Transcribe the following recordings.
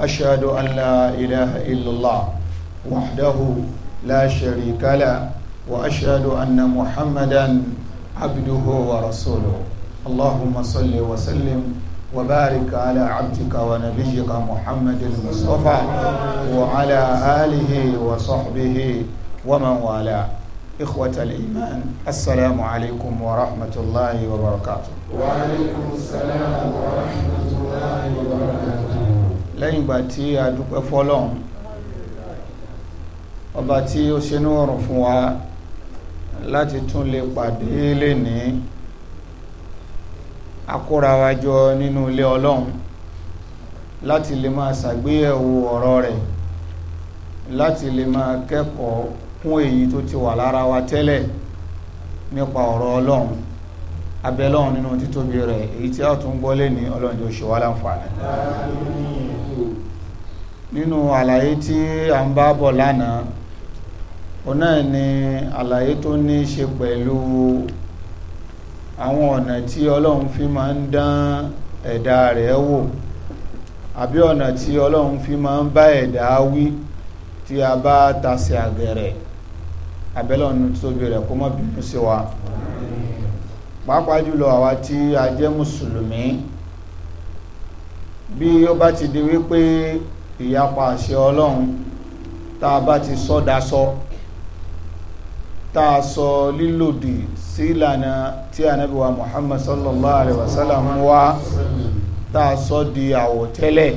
أشهد أن لا إله إلا الله وحده لا شريك له وأشهد أن محمدا عبده ورسوله اللهم صل وسلم وبارك على عبدك ونبيك محمد المصطفى وعلى آله وصحبه ومن والاه إخوة الإيمان السلام عليكم ورحمة الله وبركاته وعليكم السلام ورحمة الله وبركاته lẹ́yìn ìgbà tí a dúpẹ́ fọ́lọ́run ọba tí ó ṣe ní ọ̀rùn fún wa láti tún lè pàdé lénìí akóra wa jọ nínú ilé ọlọ́run láti lè máa ṣàgbéyẹ̀wò ọ̀rọ̀ rẹ̀ láti lè máa kẹ́kọ̀ọ́ kún èyí tó ti wà lára wa tẹ́lẹ̀ nípa ọ̀rọ̀ ọlọ́run abẹ́lọ́run nínú títóbi rẹ̀ èyí tí a tún gbọ́ lé ní ọlọ́njọ́ ṣe wá láǹfààní nínú àlàyé tí a ń bá bọ̀ lánàá ọ̀nà ni àlàyé tó ní ṣe pẹ̀lú àwọn ọ̀nà tí ọlọ́run fi máa ń dán ẹ̀dá rẹ̀ wò àbí ọ̀nà tí ọlọ́run fi máa ń bá ẹ̀dá wí tí a bá tasẹ̀ àgẹ̀rẹ̀ abẹ́lọ́run títóbi rẹ̀ kó má bínú sí wa pàápàá jùlọ àwa tí a jẹ́ mùsùlùmí bí ó bá ti di wípé ìyapa àṣẹ ọlọ́run tá a bá ti sọ́dá sọ tá a sọ lílòdì sí ìlànà tí ànábì wa Muhammad sallallahu alaihi wasallam wá tá a sọ di àwọ̀tẹ́lẹ̀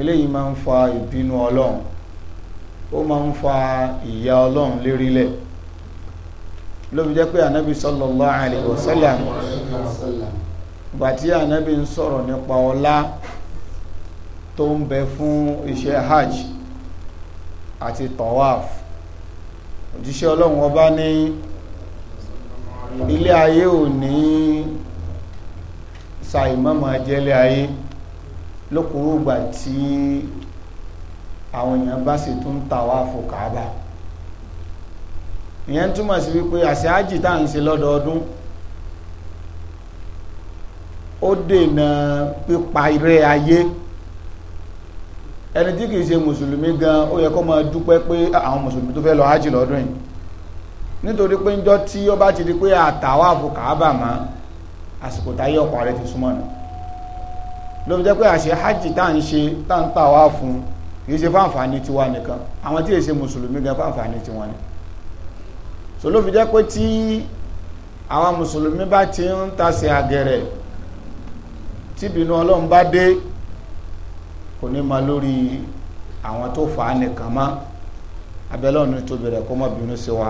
eléyìí máa ń fa ìbínú ọlọ́run ó máa ń fa ìyà ọlọ́run lérílẹ̀ ló fi jẹ́ pé ànábì sallallahu alaihi wasallam ìgbà tí ànábì ń sọ̀rọ̀ nípa ọlá tó ń bẹ fún iṣẹ́ hajj àti tawaf òjíṣẹ́ ọlọ́run ọba ní ilé ayé ò ní ṣàìmọ́mọ́ jẹ́lé ayé lókùrú tí àwọn èèyàn bá sì tún tawaf Kaaba ìyẹn túmọ̀ sí wípé àṣẹ ájì tá à ń ṣe lọ́dọọdún ó dènà pípa irẹ́ ayé ẹni tí kìí ṣe mùsùlùmí gan ó yẹ kó máa dúpẹ́ pé àwọn mùsùlùmí tó fẹ́ lọ ájì lọ́dún yìí nítorí pé ń jọ tí ó bá ti di pé àtàwàfù kàábà mọ́ àsìkò táyé ọ̀pọ̀ rẹ̀ ti súnmọ́ ni ló fi jẹ́ pé àṣẹ hajj tá à ń ṣe tá à ń tàwà fún kìí ṣe fáǹfààní tiwa nìkan àwọn tí èsè mùsùlùmí gan fáǹfààní tiwọn ni so ló fi jẹ́ pé tí àwọn mùsùlùmí bá ti ń tasẹ̀ àgẹ̀rẹ̀ tíbinú ọlọ́run bá dé kò ní ma lórí àwọn tó fà á nìkan mọ́ abẹ́lọ́run tó bẹ̀rẹ̀ kó má bínú sí wa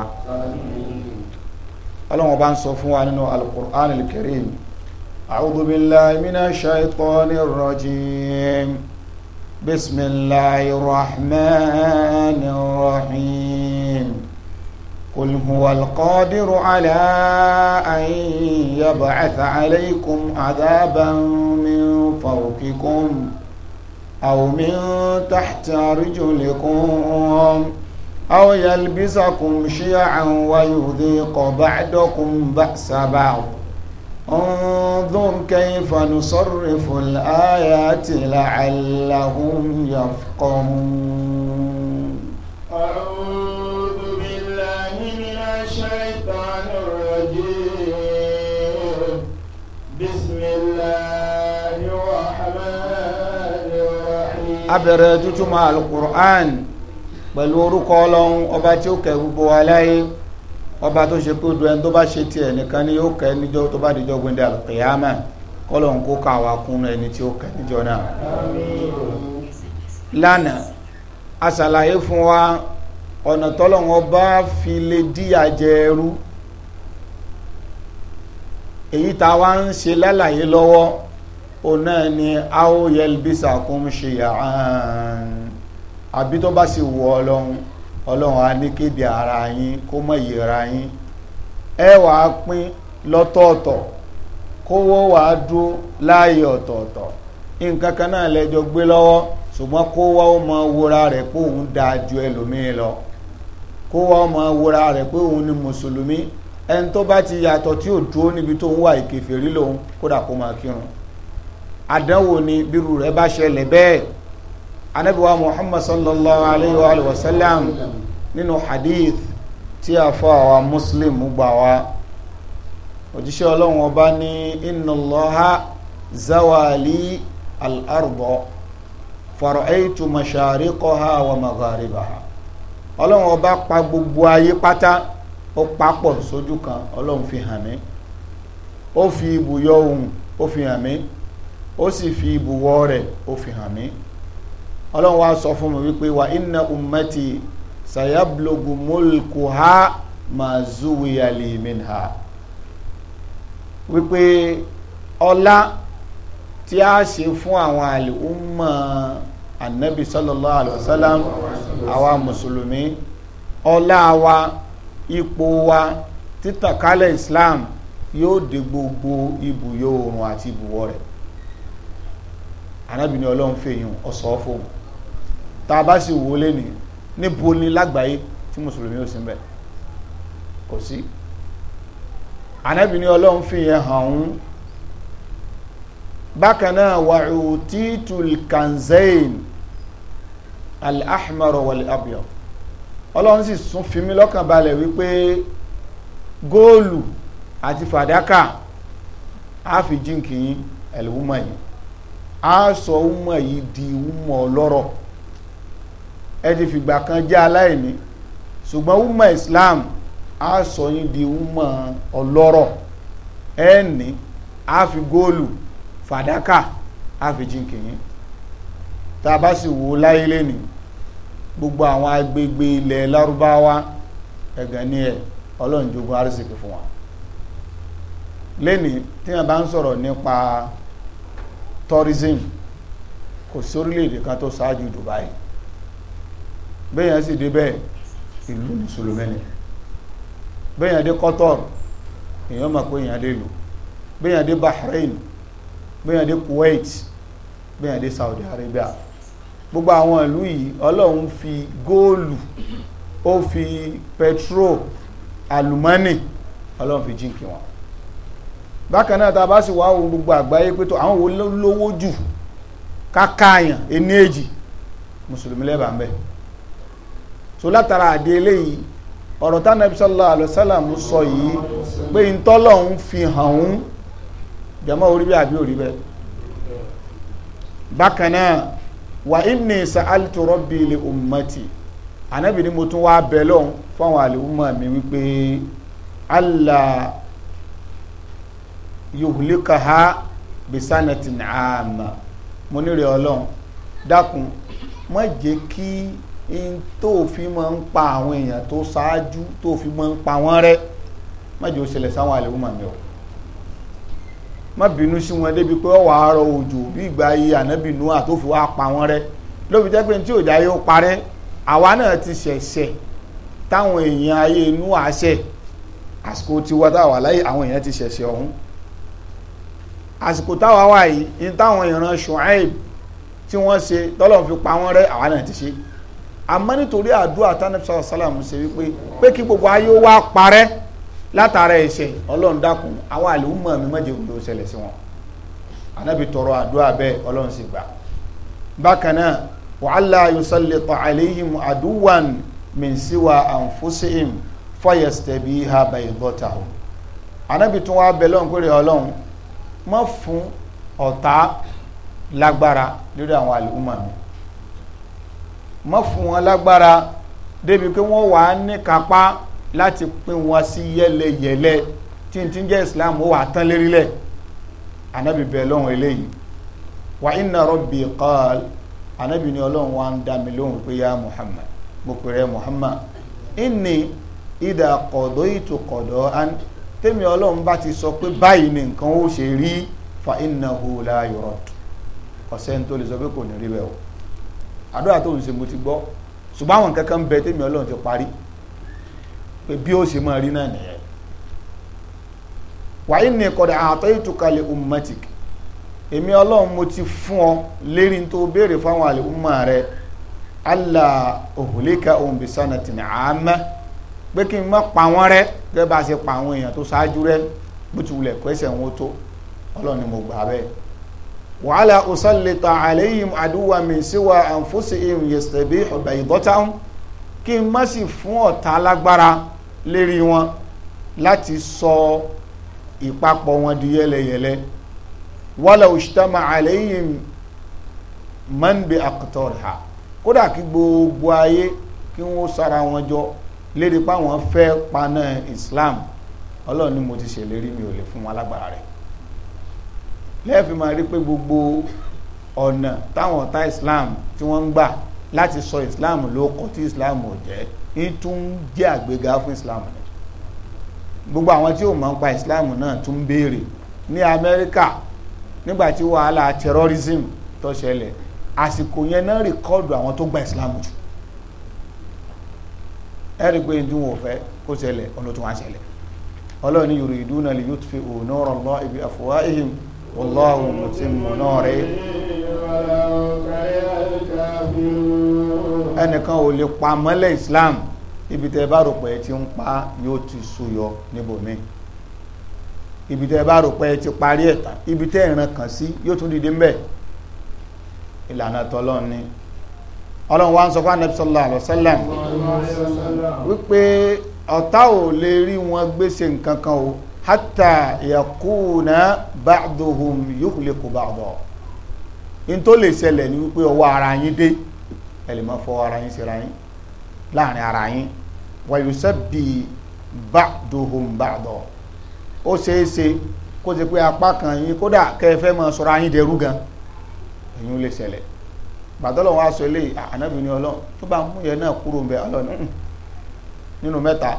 ọlọ́run bá ń sọ fún wa nínú alukur'an al-karim قل هو القادر على أن يبعث عليكم عذابا من فوقكم أو من تحت رجلكم أو يلبسكم شيعا ويذيق بعدكم بأس بعض انظر كيف نصرف الآيات لعلهم يفقهون abẹ̀rẹ̀ tútùmọ̀ alukur'an pẹ̀lú orúkọ ọlọ́run ọba tí ó kẹ́ gbogbo wa láyé ọba tó ṣe pé dùn ẹni tó bá ṣe tiẹ̀ nìkan ni yóò kẹ́ níjọ́ tó bá dìjọ́ gbẹ̀ndẹ̀ alukiyama kọ́lọ́run kó ká wa kún ẹni tí ó kẹ́ níjọ́ náà. lánàá a ṣàlàyé fún wa ọ̀nà tọ́lọ́run ọba fi lè díyà jẹ ẹrú èyí tá a wá ń ṣe lálàyé lọ́wọ́ ona ni aó yẹlbísà kún ṣe yàrán àbí tó bá sì wù ọlọ́run ọlọ́run á ní kéde ara yín kó mọ̀ ìyẹra yín ẹ wàá pín lọ́tọ̀ọ̀tọ̀ kówó wàá dúró láàyè ọ̀tọ̀ọ̀tọ̀ nǹkan kan náà lẹ́jọ gbé lọ́wọ́ ṣùgbọ́n kó ó mọ wúra rẹ̀ pé òun dáa ju ẹlòmíín lọ kó ó mọ wúra rẹ̀ pé òun ni mùsùlùmí ẹni tó bá ti yàtọ̀ tí ò dúró níbi tó ń wà ìkèfèrí lòun kódà kó máa kírun àdánwò ni bírú rẹ̀ bá ṣẹlẹ̀ bẹ́ẹ̀ anabiwa muhammad sallallahu alayhi wa sallam nínú hadith tí a fọ́ àwa muslim gbà wá òjíṣẹ́ ọlọ́run ọba ní inna allaha zawali al-ardo faraitu mashariqaha wa magharibaha ọlọ́run ọba pa gbogbo ayé pátá ó papọ̀ sójú kan ọlọ́run fi hàn mí ó fi ibùyọ ohun ó fi hàn mí ó sì fi ìbùwọ́ rẹ̀ ó fi hàn mí ọlọ́run wá sọ fún mi wípé wà inna ummati sayablogu mulkuha mazuwiyali minha wípé ọlá tí a ṣe fún àwọn àlùmọ̀ anabi sallallahu alayhi wa sallam àwa mùsùlùmí ọlá wa ipò wa títànkálẹ̀ islam yóò dé gbogbo ibùyọ oòrùn àti ibùwọ̀ rẹ̀ arábìnrin ọlọ́run fèèyàn ọ̀sọ́ fóun tá a bá sì wò lé ní níbo ni lágbàáyé tí mùsùlùmí ò sí mbẹ̀ kò sí arábìnrin ọlọ́run fèèyàn hàn ún bákan náà wa'utitul kanzain al-ahmar wal-abyad ọlọ́run sì tún fi mí lọ́kàn balẹ̀ wípé góòlù àti fàdákà á fi jíǹkì yín ẹ̀lùmọ̀ yìí a sọ ọmọ yìí di ọmọ ọlọ́rọ̀ ẹ ti fìgbà kan jẹ́ aláìní ṣùgbọ́n ọmọ Islam a sọ yín di ọmọ ọlọ́rọ̀ ẹ ní a fi góòlù fàdákà a fi jínkìyín tá a bá sì wò láyé lẹ́ni gbogbo àwọn agbègbè ilẹ̀ lárúbáwá ẹ̀gàn ni ẹ̀ ọlọ́run jogún arísìkì fún wa lẹ́ni tí wọ́n bá ń sọ̀rọ̀ nípa tourism kò sórílẹ̀-èdè kan tó ṣáájú Dubai bẹ́yàn sì dé bẹ́ẹ̀ ìlú mùsùlùmí ni bẹ́yàn dé Qatar èyàn mọ̀ pé èyàn dé lò bẹ́yàn dé Bahrain bẹ́yàn dé Kuwait bẹ́yàn dé Saudi Arabia gbogbo àwọn ìlú yìí Ọlọ́run fi góòlù ó fi petro, alùmọ́nì Ọlọ́run fi jíǹkì wọn bákan náà tá a bá sì wá gbogbo àgbáyé pé tó àwọn wo lówó jù kákáàyàn ẹni èjì mùsùlùmí lẹ́bàá ń bẹ̀ so látara àdé eléyìí ọ̀rọ̀ tá nàbí sallallahu sọ yìí pé ìtọ́lọ̀ ń fi hàn ún jẹ́mọ́ orí bí àbí orí bẹ́ẹ̀ bákan náà wà inni sa'altu rabbi li ummati ànábì ni mo tún wá bẹ̀ lọ́hùn fáwọn àlè umma mi wípé allah ha bisanatin ama mo ní rẹ ọlọ́run dákun má jẹ́ kí n tó fi máa ń pa àwọn èèyàn tó ṣáájú tó fi máa ń pa wọ́n rẹ́ má jẹ́ ó ṣẹlẹ̀ sáwọn àlẹ́wò màmí o má bínú sí wọn débi pé ó wà á rọ òjò bí ìgbà ayé ànábì Nóà tó fi pa wọ́n rẹ́ lóbi jẹ́ pé tí òjò ayé parẹ́ àwa náà ti ṣẹ̀ṣẹ̀ táwọn èèyàn ayé Nóà àṣẹ àsìkò tiwa táwa láyé àwọn èèyàn ti ṣẹ̀ṣẹ̀ ọ̀hún àsìkò táwa wà yìí ní táwọn ìran Shuaib tí wọ́n ṣe tọ́lọ̀ fi pa wọ́n rẹ́ àwa náà ti ṣe àmọ́ nítorí àdúrà tánàfíà sálàmù ṣe wípé pé kí gbogbo ayé wá parẹ́ látara ẹ̀ṣẹ̀ ọlọ́run dákun àwọn àlùmọ̀ mi má jẹ́ òdo ṣẹlẹ̀ sí wọn ànábì tọrọ àdúrà bẹ́ẹ̀ ọlọ́run sì gbà bákan náà wàhálà yusallitu alayhim aduwan min siwa anfusihim fayastẹbi ha bayidọtahu ànábì tún wá bẹ lọ́nkúrẹ́ ọlọ́run mọ́ fún ọ̀tá lágbára lórí àwọn àlùmọ̀ mi mọ́ fún wọn lágbára débi pé wọ́n wà á ní kápá láti pín wọn sí yẹ́lẹyẹ̀lẹ tí n ti jẹ́ Islam ó wà á tán lérílẹ̀ anábì bẹ́ẹ̀ lọ́hùn eléyìí wà inna rabbi qal anábì ni ọlọ́run wa ń dá mi lóhùn pé yá Muhammad mo pèrè Muhammad inni idha qadaytu tèmi ọlọ́run bá ti sọ pé báyìí ni nǹkan ó ṣe rí fa innahu la yurad ọ̀sẹ̀ tó lè sọ pé kò ní rí bẹ́ẹ̀ o àdúrà tó ń ṣe mo ti gbọ́ ṣùgbọ́n àwọn kankan bẹ tèmi ọlọ́run ti parí pé bí ó ṣe máa rí náà nìyẹn wa inni qad a'taytuka li ummatik èmi ọlọ́run mo ti fún ọ lérí tó béèrè fáwọn àlè umma rẹ alla uhlika um bi sanatin pé kí n má pa wọ́n rẹ́ gẹ́gẹ́ bá a ṣe pa àwọn èèyàn tó ṣáájú rẹ́ bó ti wulẹ̀ kẹ́sẹ̀ wọn ó tó ọlọ́run ni mo gbà bẹ́ẹ̀ wàhálà òsàlẹ̀ta àlẹ́yìn àdúwà mi síwá àǹfóṣe ìrìn yẹ̀sẹ̀bí ọ̀bẹ̀ ìgọ́tàún kí n má sì fún ọ̀tá lágbára lérí wọn láti sọ ìpapọ̀ wọn di yẹ́lẹyẹ̀lẹ wàhálà òṣìṣẹ́mà àlẹ́yìn mọ́nbẹ̀ àkọ́tọ̀ rẹ̀ ha kódà kí gbogbo ayé kí wọ́n sára wọn jọ lérí páwọn fẹ́ paná Islam ọlọ́run ni mo ti ṣèlérí mi ò lè fún wọn lágbára rẹ̀ lẹ́ẹ̀fì máa rí pé gbogbo ọ̀nà táwọn ọ̀tá Islam tí wọ́n ń gbà láti sọ Islam ló kọ́ tí Islam ò jẹ́ ń tún jẹ́ àgbéga fún Islam ni gbogbo àwọn tí ò mọ̀ ń pa Islam náà tún ń béèrè ní Amẹ́ríkà nígbà tí wàhálà terrorism tó ṣẹlẹ̀ àsìkò yẹn náà rìkọ́ọ̀dù àwọn tó gba Islam jù ẹ̀rí pé ìdún wò fẹ́ kó ṣẹlẹ̀ ọ̀nà tó wá ṣẹlẹ̀ ọlọ́ọ̀ni yuriduna li yutfi'u nura Allahi bi afwahihim wallahu mutimmu nurihi ẹnìkan ò lè pa mọ́lẹ̀ Islam ibi tẹ́ bá rò pé ti ń pa yóò ti súyọ níbòmí ibi tẹ́ bá rò pé ti parí ẹ̀ta ibi tẹ́ ìran sí yóò tún dìde ń bẹ̀ ni ọlọ́run wa ń sọ fún anabi sallallahu alaihi wasallam wípé ọ̀tá ò lè rí wọn gbèsè nǹkan kan o hatta yakuna ba'duhum yuhliku ba'da in tó lè ṣẹlẹ̀ ni wípé ọwọ́ ara yín dé ẹ lè má fọ ara yín síra yín láàrin ara yín wa yusabbi ba'duhum ba'da ó ṣeé ṣe kó ṣe pé apá kan yín kódà kẹ́ máa sọra yín dẹrú gan èyí ó lè ṣẹlẹ̀ gbàtọ́lọ̀ wọn aṣọ ah, ilé ànábì ní ọlọ́run tó bá mú yẹn náà kúrò bẹ ọlọ́run hmm, nínú mẹ́ta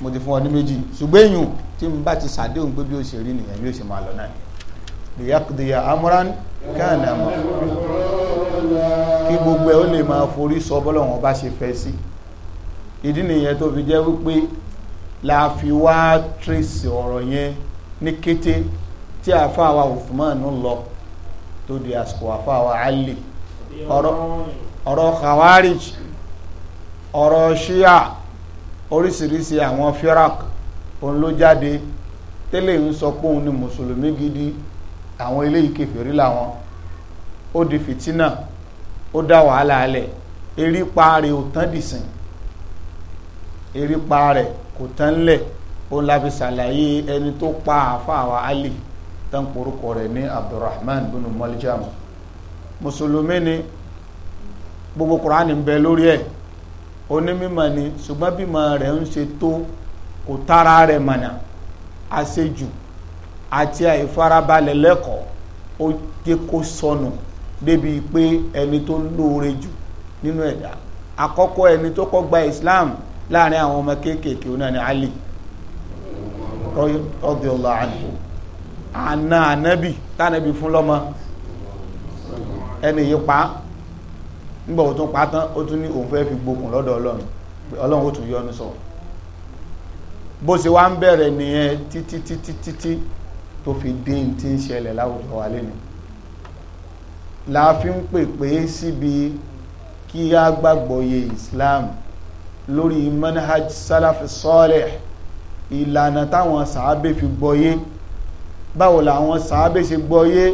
mo ti fún ọ ní méjì ṣùgbọ́n èèyàn tí n bá ti ṣàdéhùn pé bí ó ṣe rí nìyẹn bí ó ṣe máa lọ náà nìyẹn lèyàkùdìyà amúrán káàní àmọ́ kí gbogbo ẹ ó lè máa forí sọ bọ́lọ́wọ́n bá ṣe fẹ́ sí ìdí nìyẹn tó fi jẹ́ wípé la fi wá tírèsì ọ̀rọ̀ yẹn ní kété tí àfa wa Uthman lọ tó di àsìkò àfa wa Ali ọ̀rọ̀ khawarij ọ̀rọ̀ shia oríṣiríṣi àwọn firak òun ló jáde tẹ́lẹ̀ ń sọ pé òun ni mùsùlùmí gidi àwọn eléyìí kèfèrí làwọn ó di fìtínà ó dá wàhálà alẹ̀ erípa rẹ̀ ò tán dìsìn erípa rẹ̀ kò tán lẹ̀ òun la ṣàlàyé ẹni tó pa àáfàá wa Ali tán porúkọ rẹ̀ ní Abdulrahman bin Muljam mùsùlùmí ni gbogbo kùránì ń bẹ lórí onímọ̀ ni ṣùgbọ́n rẹ̀ ń ṣe tó kò tara rẹ̀ mọ̀nà àṣejù àti àìfarabalẹ̀ lẹ́kọ̀ọ́ ó dé kó sọnù débi pé ẹni tó lóore jù nínú ẹ̀dá àkọ́kọ́ ẹni tó kọ́ gba Islam láàrin àwọn ọmọ kéékèèké ni Ali ẹni yìí pa nígbà ó tún pa tán ó tún ní òun fẹ́ fi gbókun lọ́dọ̀ ọlọ́run pé ọlọ́run ó tún yọ́nú sọ bó ṣe wá ń bẹ̀rẹ̀ nìyẹn títí títí títí tó fi dé tí ń ṣẹlẹ̀ láwùjọ wa lẹ́nu la fi ń pè pé síbi kí a gbàgbọ́ yé Islam lórí manhaj salafi sọ́ọ̀lẹ̀ ìlànà táwọn sàábé fi gbọ́yé báwo làwọn sàábé ṣe gbọ́yé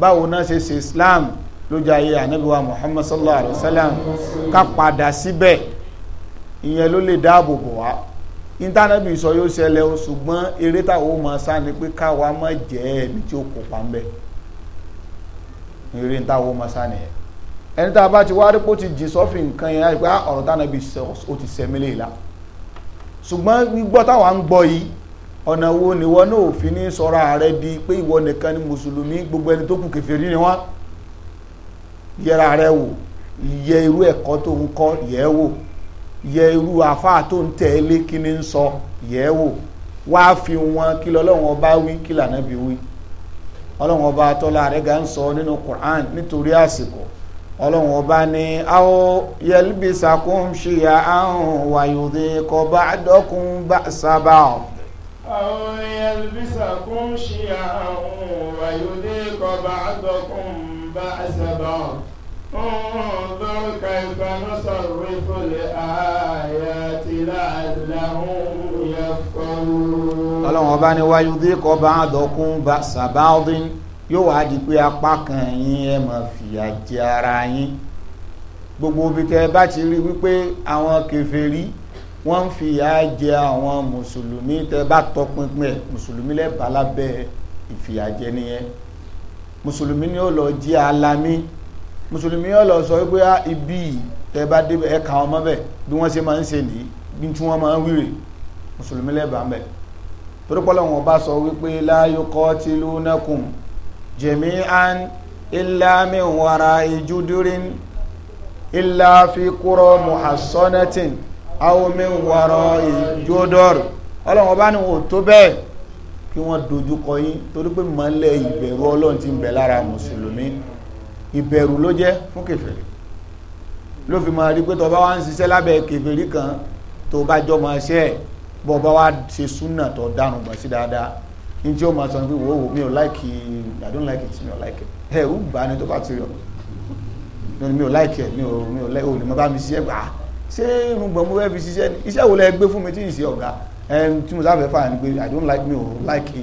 báwo náà ṣe ṣe Islam lójú ayé ànábìwá muhammad sallallahu Alaihi wa sallam ká padà síbẹ̀ ìyẹn ló lè dáàbò bò wá intanẹ́ẹ̀tì sọ yóò ṣẹlẹ̀ o ṣùgbọ́n eré táwọn máa sá ni pé káwa má jẹ́ ẹni tí ó kópa ń bẹ̀ eré táwọn máa sá nìyẹn ẹni tá a bá ti wá rí pé ó ti jìn sọ́fìn nǹkan yẹn láìpẹ́ ah, ọ̀rọ̀ tánàbí ó ti sẹ́mílẹ̀ ìlà ṣùgbọ́n gbígbọ́ táwa ń gbọ́ yìí ọ̀nà wo ni wọ́n náà fi ní sọ́ra rẹ di pé ìwọ nìkan ni mùsùlùmí gbogbo ẹni tó kù kèfèrí ni wọ́n yẹra rẹ wò yẹ irú ẹ̀kọ́ tó ń kọ́ yẹ wò yẹ irú àfáà tó ń tẹ̀lé kí ni ń sọ yẹ wò wá fi wọn kí lọ́lọ́wọ́n bá wí kí lànàbí wí ọlọ́wọ́n ọba tọ́lá rẹ̀ gà ń sọ nínú Quran nítorí àsìkò ọlọ́wọ́n ọba ní àwọn yẹlbisakun ṣìyà àwọn wàyòdè kọ́ bá dọ́kun bá sábà. أو يلبسكم شيعا ويذيق بعضكم بأس بعض انظر كيف نصرف الآيات لعلهم يفقهون ọlọ́run ọba ni wáyú dé kọ́ bá ń dọ́kún sàbáàdín yóò wá di pé apá kan yín ẹ máa fìyà jẹ ara yín gbogbo bí tẹ bá ti rí wípé àwọn kèfèrí wọ́n ń fìyà jẹ àwọn mùsùlùmí tẹ bá tọpinpin ẹ̀ mùsùlùmí lẹ́bàá lábẹ́ ìfìyàjẹ nìyẹn mùsùlùmí ni ó lọ jí alami mùsùlùmí yóò lọ sọ wípé ah, ibi tẹ bá dé ẹ kà wọn mọ́bẹ̀ bí wọ́n ṣe máa ń ṣe nìyí bí tí wọ́n máa ń wíre mùsùlùmí lẹ́bàá mẹ́ torí pé Ọlọ́hun bá sọ wípé la yuqatilunakum jami'an illa min wara'i judurin illa fi qura muhassanatin aw min wara'i judur Ọlọ́hun bá ní wọ́n bẹ́ẹ̀ kí wọ́n dojú kọ yín torí pé mọ́lẹ̀ ìbẹ̀rù Ọlọ́run ti ń bẹ lára mùsùlùmí ìbẹ̀rù ló jẹ́ fún kèfèrí ló fi máa rí pé tó bá wá ń ṣiṣẹ́ lábẹ́ kèfèrí kan tó bá jọ máa ṣe ẹ̀ bọ́ bá wá ṣe súnà tó dárùn gbọ̀n sí dáadáa ní tí ó máa sọ pé wò ó mi ò láìkì I don't like it mi ò láìkì ẹ̀rù bá ní tó bá ti rí ọ mi ò láìkì mi ò mi ò láìkì ò ní mo bá mi ṣiṣẹ́ gbà ah, á ṣé irùngbọ̀n mo fẹ́ fi ṣiṣẹ́ iṣẹ́ wo lẹ gbé fún mi tí ì ṣe ọ̀gá tí mo sáfẹ́ fà ní pé I don't like me ò láìkì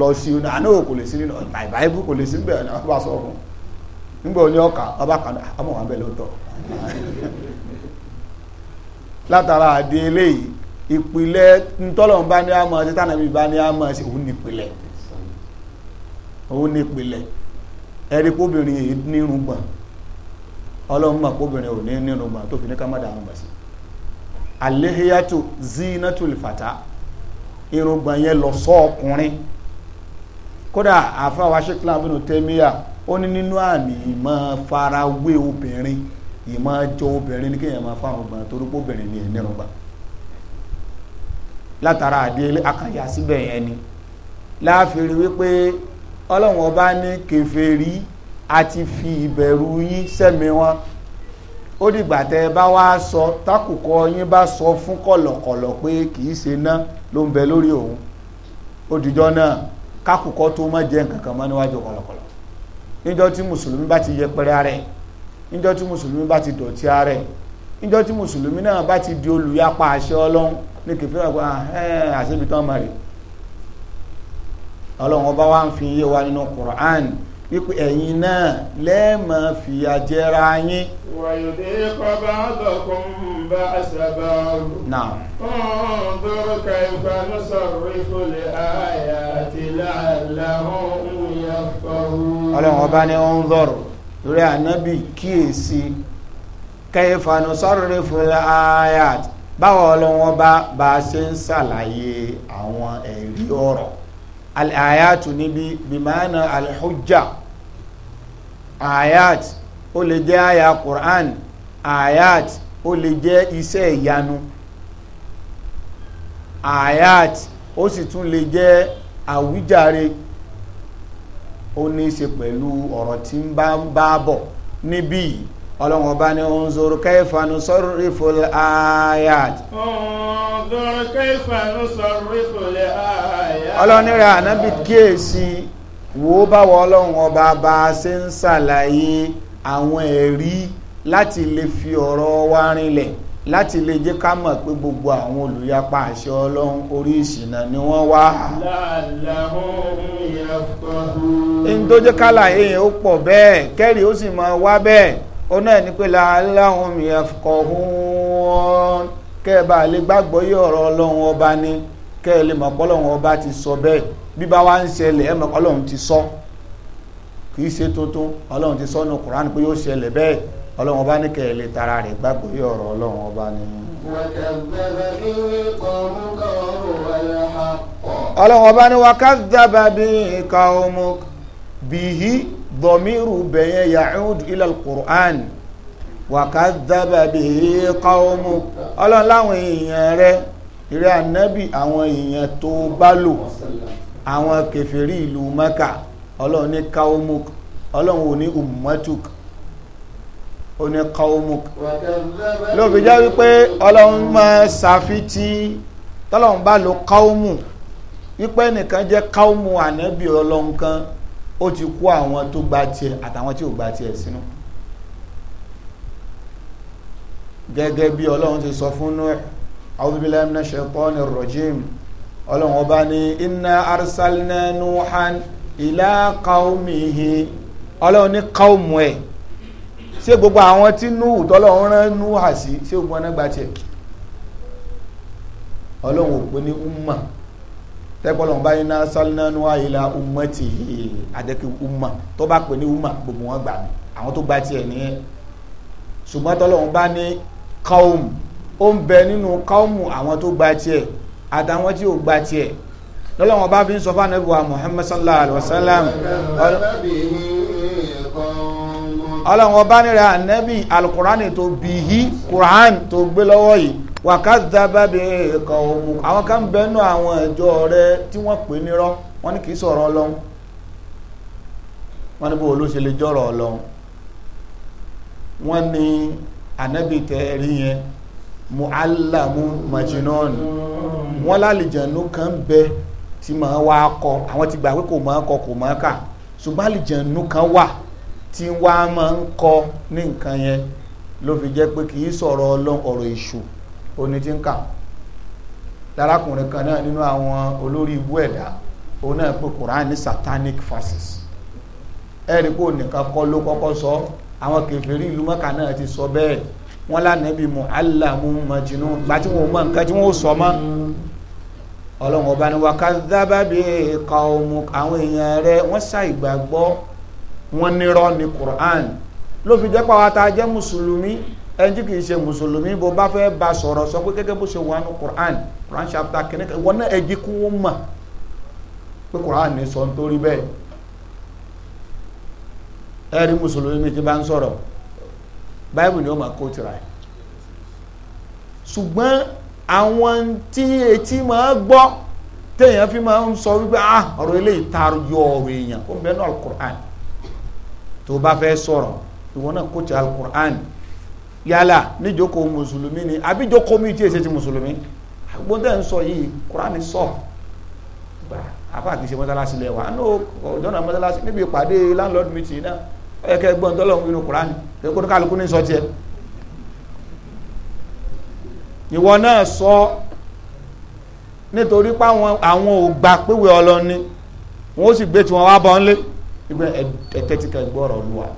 lọ sí ọ̀nà àná ò kò lè sí nínú my bible kò lè sí níbẹ̀ ọ̀nà ní ọkà ọba kan ọmọ wa bẹ̀ lọ́tọ̀ látara àdé eléyìí ìpìlẹ̀ ntọ́lọ́n bá ní àmọ́ ṣe tánàbí bá ní àmọ́ ṣe òun nípìlẹ̀ òun nípìlẹ̀ kóbìnrin yìí nírun gbọ̀n ọlọ́run mọ̀ kóbìnrin ò ní nírun gbọ̀n tó fi ní sí irun gbọ̀n yẹn lọ ọkùnrin kódà àfa wa ṣe kíláàbùnú tẹ́míyà ó ní nínú àmì ìmọ̀ farawé obìnrin ìmọ̀ jọ obìnrin ní kéèyàn máa fáwọn ọgbọ̀n torí pé obìnrin ni ẹ̀mí rọgbà látara àdéhélé akáyà síbẹ̀ yẹn ni láàfin wípé ọlọ́run ọba ní kèfèrí àti fi ìbẹ̀rù yín sẹ́mi wọn ó dìgbà tẹ ẹ bá wá sọ tákùkọ yín bá sọ fún kọ̀lọ̀kọ̀lọ̀ pé kì í ṣe ná ló ń bẹ lórí òun ó dìjọ́ náà kákùkọ tó má jẹ nǹkan kan mọ́ níwájú kọlọkọlọ níjọ́ tí mùsùlùmí bá ti yẹpẹrẹ ara ẹ̀ níjọ́ tí mùsùlùmí bá ti dọ̀tí ara ẹ̀ níjọ́ tí mùsùlùmí náà bá ti di olùyapa àṣẹ Ọlọ́run ní kẹfìrà pé ah, eh, àṣẹbi tán mọ rè Ọlọ́run ọba wa ń fi iye wa nínú Qur'an wípé ẹ̀yin náà lẹ́ẹ̀mọ̀ fìyà jẹra yín. wàyọ̀dé kọba ọ̀dọ̀kùn bá àṣàbà ọ̀rọ̀. náà. fún dọ́rọ̀ sọ̀rọ̀ ìfọlẹ̀ àyà àti làlàhùn ìyá ọlọ́run ọba ni ó dọ̀rọ̀ lórí ànábì kíyèsí ka sọ̀rọ̀ ìfọlẹ̀ àyà báwo ọlọ́run ọba bá a ṣe ń ṣàlàyé àwọn ẹ̀rí ọ̀rọ̀ al-ayatu níbi bimana al-hujja ayat ó lè jẹ́ àyà Qur'an ayat ó lè jẹ́ iṣẹ́ ìyanu ayat ó sì tún lè jẹ́ àwíjàre ó ní í ṣe pẹ̀lú ọ̀rọ̀ tí ń bá bọ̀ níbí yìí ọlọ́run ọba ní unzur kayfa nusarriful ayat. unzur kayfa nusarriful ayat. ọlọ́run rẹ̀ ànábì kíyèsí wo báwo ọlọ́run ọba bá a ṣe ń ṣàlàyé àwọn ẹ̀rí láti lè fi ọ̀rọ̀ wa rinlẹ̀ láti lè jẹ́ ká mọ̀ pé gbogbo àwọn olùyapa àṣẹ ọlọ́run orí ìṣìnà ni wọ́n wá. ń tó jẹ́ yẹn ó pọ̀ bẹ́ẹ̀ kẹ́rì ó sì máa wá bẹ́ẹ̀ ó náà ní pé làálàhùn yafqahun kẹ́ ẹ bá lè gbàgbọ́ yí ọ̀rọ̀ ọlọ́run ọba ni kẹ́ ẹ lè mọ̀ pé ọlọ́run ọba ti sọ bẹ́ẹ̀ bí bá wá ń ṣẹlẹ̀ ẹ mọ̀ pé ti sọ kì í ṣe tuntun ọlọ́run ti sọ ní Kùránì pé yóò ṣẹlẹ̀ bẹ́ẹ̀ ọlọ́run ọba ní kẹ́ tara rẹ̀ gbàgbọ́ yí ọ̀rọ̀ ọlọ́run ọba ni. ọlọ́run ọba ní wa kadhaba bihi qaumuk dọ̀míru bẹ̀yẹn ya'ud ila al-Qur'an wa kadhaba bihi qawmu ọlọ́run láwọn èèyàn rẹ̀ ìrẹ́ ànábì àwọn èèyàn tó bá lò àwọn kèfèrí ìlú Mẹ́kà ọlọ́run ní qawmuk ọlọ́run ò ní ummatuk ó ní qawmuk lóbi jẹ́ wípé ọlọ́run máa ṣàfitì tọ́lọ́run bá lo qawmu wípé nìkan jẹ́ qawmu ànábì ọlọ́run kan ó ti kó àwọn tó gba tiẹ̀ àtàwọn tí ò gba tiẹ̀ sínú gẹ́gẹ́ bí ọlọ́run ti sọ fún Nuh a'udhu billahi minash shaitanir rajim ọlọ́run ọba ní inna arsalna Nuhan ila qaumihi ọlọ́run ní qaumu ẹ̀ ṣé gbogbo àwọn tí Nuhu tọ́lọ́run rán Nuha sí ṣé gbogbo ọ̀nà gba tiẹ̀ ọlọ́run ò pé ní umma tẹ́gbọ́lọ́n bá iná sálínánú àyílá umati adẹ́kẹ́ umma tó bá pè ní umma gbogbo wọn gbà mí àwọn tó gba tiẹ̀ nìyẹn ṣùgbọ́n tọ́lọ́run bá ní kaum ó ń bẹ nínú kaumu àwọn tó gba tiẹ̀ àtàwọn tí ò gba tiẹ̀ lọ́lọ́wọ́n bá fi ń sọ fún anabi wa muhammad sallallahu alayhi wa sallam ọlọ́wọ́n bá nira anabi alukurani tó bìí kur'an tó gbé lọ́wọ́ yìí wàkàdàbà bí ẹ̀kọ́ òun àwọn kan bẹ́nu àwọn ìjọ rẹ tí wọ́n pè nírọ́ wọ́n ní kì í sọ̀rọ̀ ọlọ́run wọ́n ní bó ló ṣe lè jọ̀rọ̀ ọlọ́run wọ́n ní ànábì rí yẹn mu'allamu majinun wọ́n lálejànú kan bẹ tí màá wá kọ àwọn ti gbà pé kò máa kọ kò máa kà ṣùgbọ́n àlejànú kan wà tí wá máa ń kọ ní nǹkan yẹn ló fi jẹ́ pé kì í sọ̀rọ̀ ọlọ́run ọ̀rọ̀ èṣù oní tí ń kà lárakùnrin kan náà nínú àwọn olórí ibú ẹ̀dá òun náà pé Quran ní satanic verses ẹ̀rí pé onìkan kọ́ ló kọ́kọ́ sọ àwọn kèfèrí ìlú Mẹ́kà náà ti sọ bẹ́ẹ̀ wọ́n lánàbí mu'allamu majnun gba tí wọ́n mọ nǹkan tí wọ́n sọ mọ́ ọlọ́run ọba ni wakadhaba bi qawmu àwọn èèyàn rẹ̀ wọ́n ṣàìgbàgbọ́ wọ́n nírọ́ ní Quran ló fi jẹ́ pàwọ́ta jẹ́ mùsùlùmí ẹni tí kì í ṣe mùsùlùmí bó bá fẹ́ bá sọ̀rọ̀ sọ pé gẹ́gẹ́ bó ṣe wà ní Quran Quran chapter kìíní kan wọn náà ẹ jí kó wọ́n mọ̀ pé Quran ní sọ nítorí bẹ́ẹ̀ ẹ mùsùlùmí mi ti bá ń sọ̀rọ̀ báyìí ni ó máa kó tira ẹ̀ ṣùgbọ́n àwọn tí etí máa gbọ́ téèyàn fi máa ń sọ wípé ah ọ̀rọ̀ eléyìí taarú yọ ọ̀rọ̀ èèyàn ó bẹ́ẹ̀ ní alukur'an tó bá fẹ́ sọ̀rọ̀ ìwọ náà kó ti alukur'an yálà níjókòó mùsùlùmí ni àbíjókòó mi tí èsè ti mùsùlùmí àgbo tẹ́ ń sọ yìí kúránì sọ gbà àfa àti ṣe mọ́tálásí lẹ́wà àánú ọ̀dọ́nà mọ́tálásí níbi ìpàdé landlord meeting náà ó yẹ kẹ́ gbọ́n tọ́lọ̀ nínú kúránì kó kálukú ní sọ tiẹ̀ ìwọ náà sọ nítorí pé àwọn ò gbà péwé ọlọ́ni wọn ó sì gbé tiwọn wá bọ́ ìgbẹ́ ẹ̀tẹ́tìkẹ́ gbọ́ ọ̀rọ̀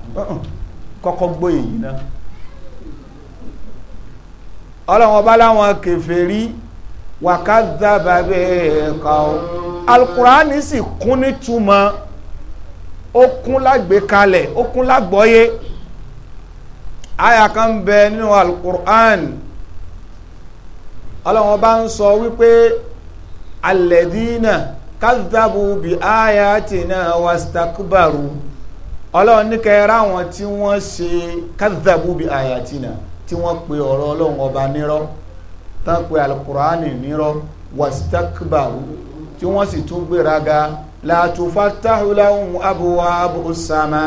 kọ́kọ́ gbóyè yìí náà ọlọ́run ọba láwọn kèfèrí wàkàdàbà bẹ́ẹ̀ kà ó alukurani sì kún nítumọ̀ ó kún lágbèkalẹ̀ ó kún lágbọ́yé àyà kan bẹ nínú alukurani ọlọ́run ọba ń sọ wípé alẹ́dínà kádàbù bí ayatina wastakbaru ọlọ́run ní kẹ́ra àwọn tí wọ́n ṣe kádàbù bí ayatina tí wọ́n pe ọ̀rọ̀ ọlọ́run ọba nírọ́ tán pe alukurani nírọ́ wastakbaru tí wọ́n sì tún gbéraga látúfátáhù lahum abwabu sàmà